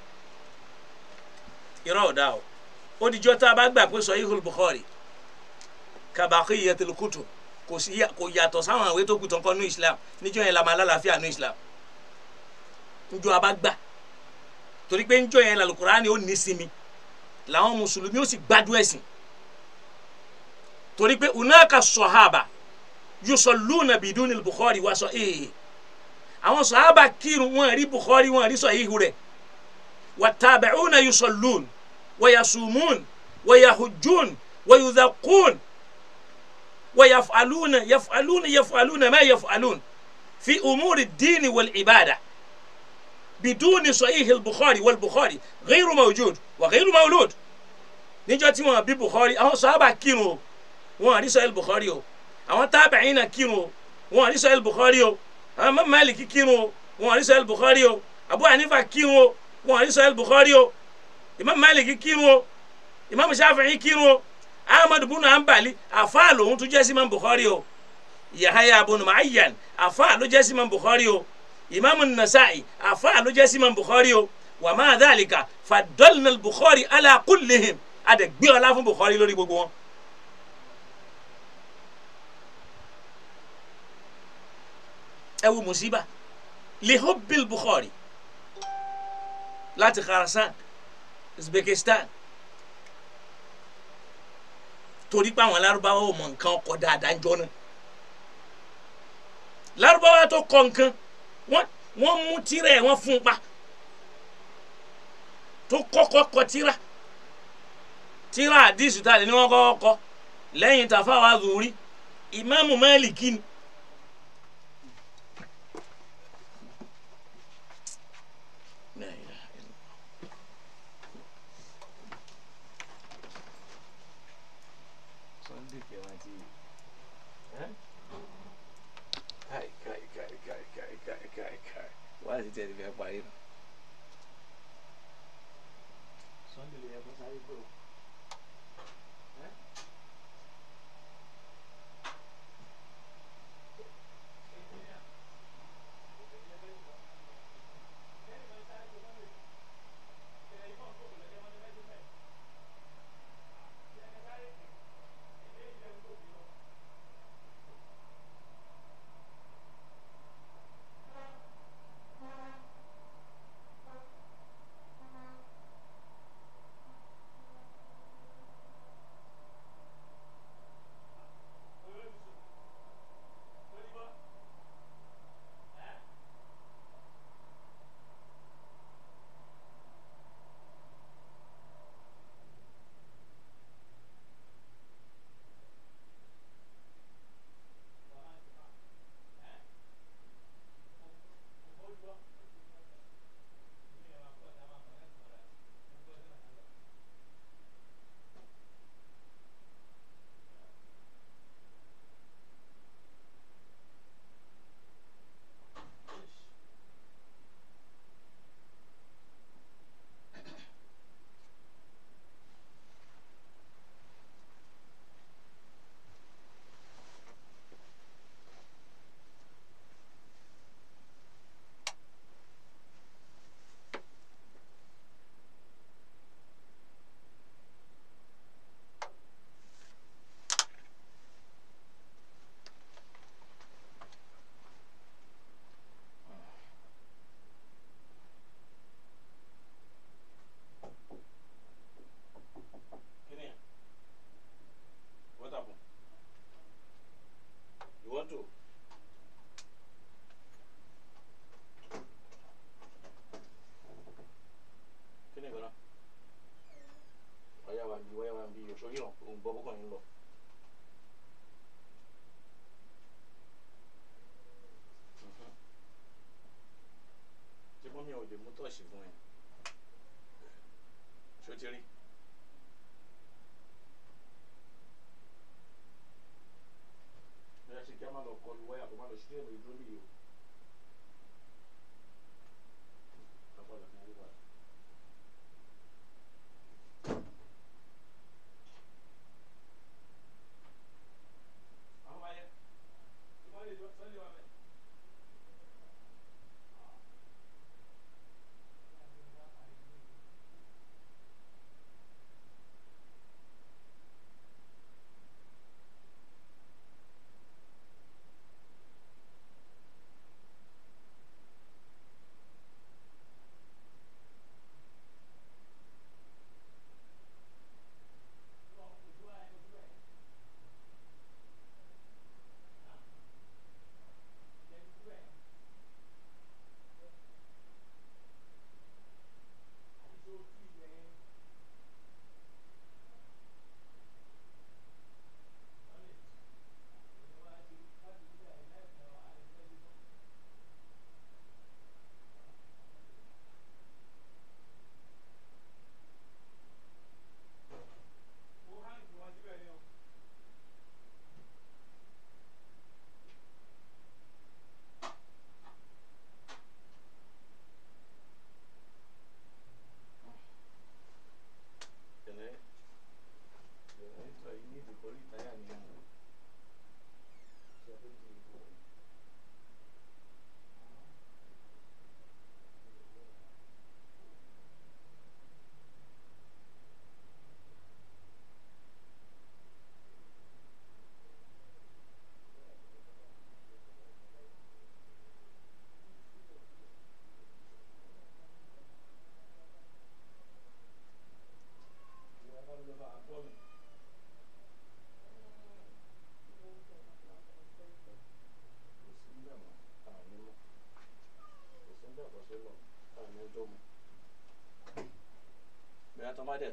irọ́ ọ̀dà o ó dijọ́ tá a bá gbà pé Sahihul Bukhari kabaqiyyatil kutub kò yàtọ̀ sáwọn àwé tó kù tán kọ́ ní Islam níjọ́ yẹn la máa lálàáfíà ní Islam njọ́ a bá gbà torí pé njọ́ yẹn làlùkùránì ó ní sinmi làwọn mùsùlùmí ó sì gbádùn ẹ̀sìn torí pé unaka sọ̀hábà yusalluna bidunil Bukhari wa sahihi àwọn sọ̀hábà kírun wọn rí Bukhari wọn rí sahihu rẹ̀ wàtàbẹ̀ọ́nà yusalluna. ويصومون ويهجون ويذقون ويفعلون يفعلون يفعلون ما يفعلون في أمور الدين والعبادة بدون صحيح البخاري والبخاري غير موجود وغير مولود نجاتي ما بخاري أهو صحابة كينو وان رسال البخاري أهو تابعين كينو وان رسال البخاري أهو مالك كينو وان رسال البخاري أبو عنيفة كينو وان رسال البخاري imam malik kírun o imam shafi'i kírun o ahmad bunu hanbali afa lòun tún jẹ́ sí imam bukhari o yahaya bunu ma'ayyan afa ló jẹ́ imam bukhari o imam nasa'i afa ló jẹ́ sí imam bukhari o wa ma dhalika fadolna bukhari ala kullihim adẹ̀gbé ọlá fún bukhari lórí gbogbo wọn. ẹ wo musiba lihubbil bukhari láti kharasan Uzbekistan torí pé àwọn Lárúbáwá ò mọ nǹkan ọkọ dáadáa ń jọ́nà Lárúbáwá tó kọ nǹkan wọ́n mú tírà ẹ̀ wọ́n fún un pa tó kọ́kọ́ kọ tírà tírà àdìsù tá a wọ́n kọ́kọ́ kọ lẹ́yìn tàfáwá zòrí ìmáàmù Málíkì ni.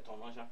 讨论一下。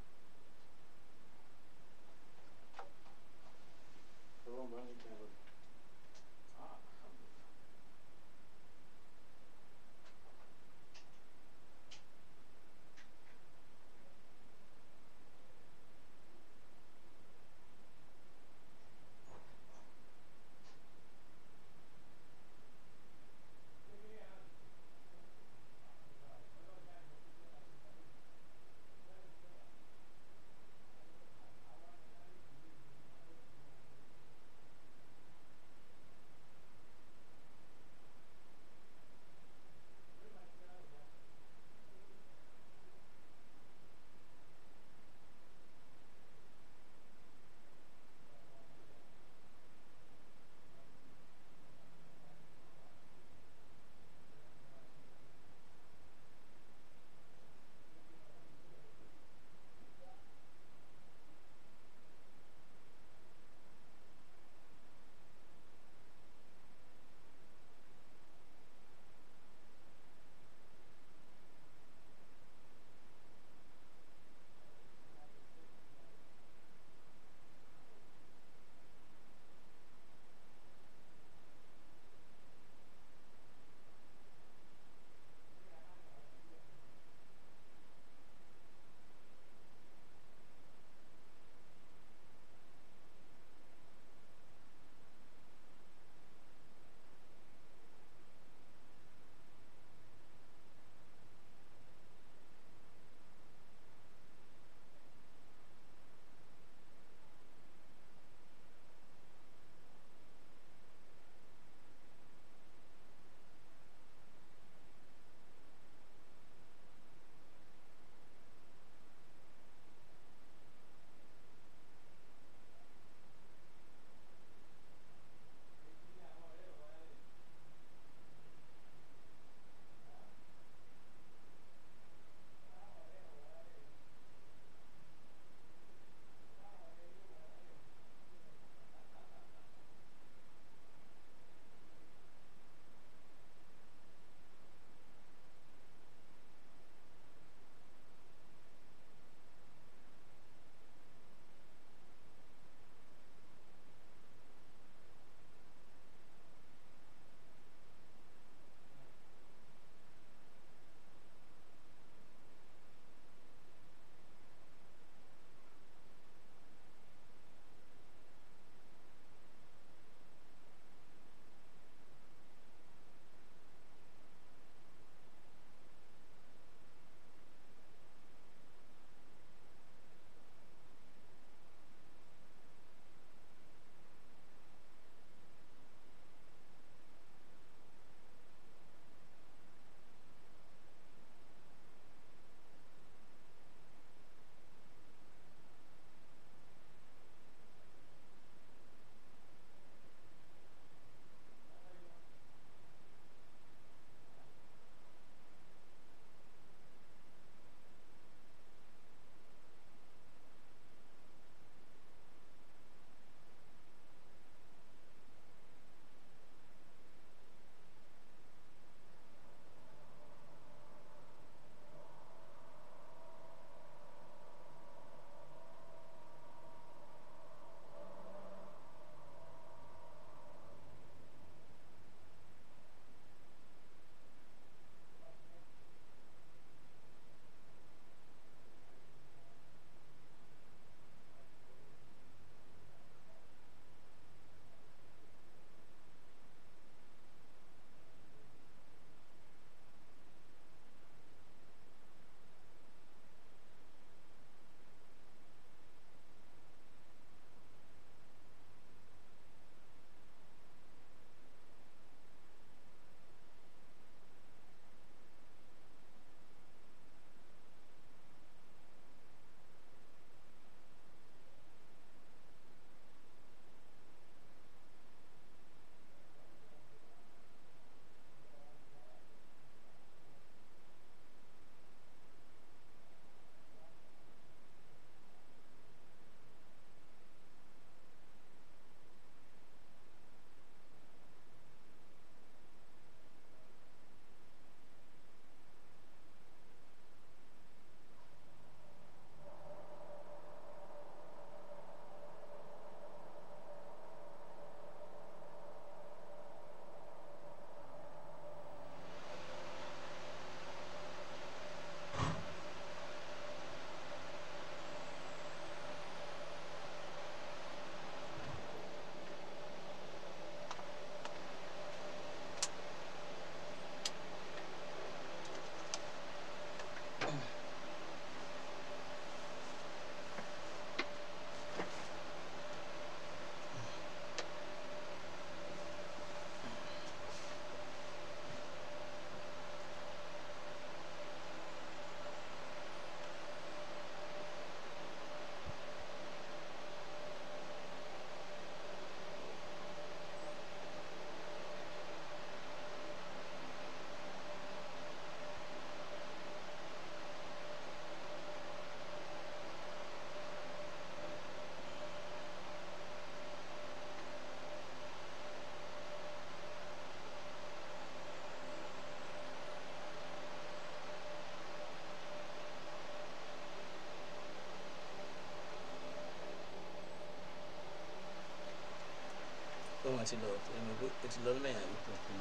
wọn ti lọ ẹni pé o ti lọ lọ́nà ìyá yìí kún kún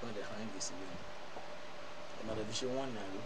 wọn dẹ̀ hàn gbèsè lónìí ẹ̀ máa lọ fi ṣe wọ́n nà ló.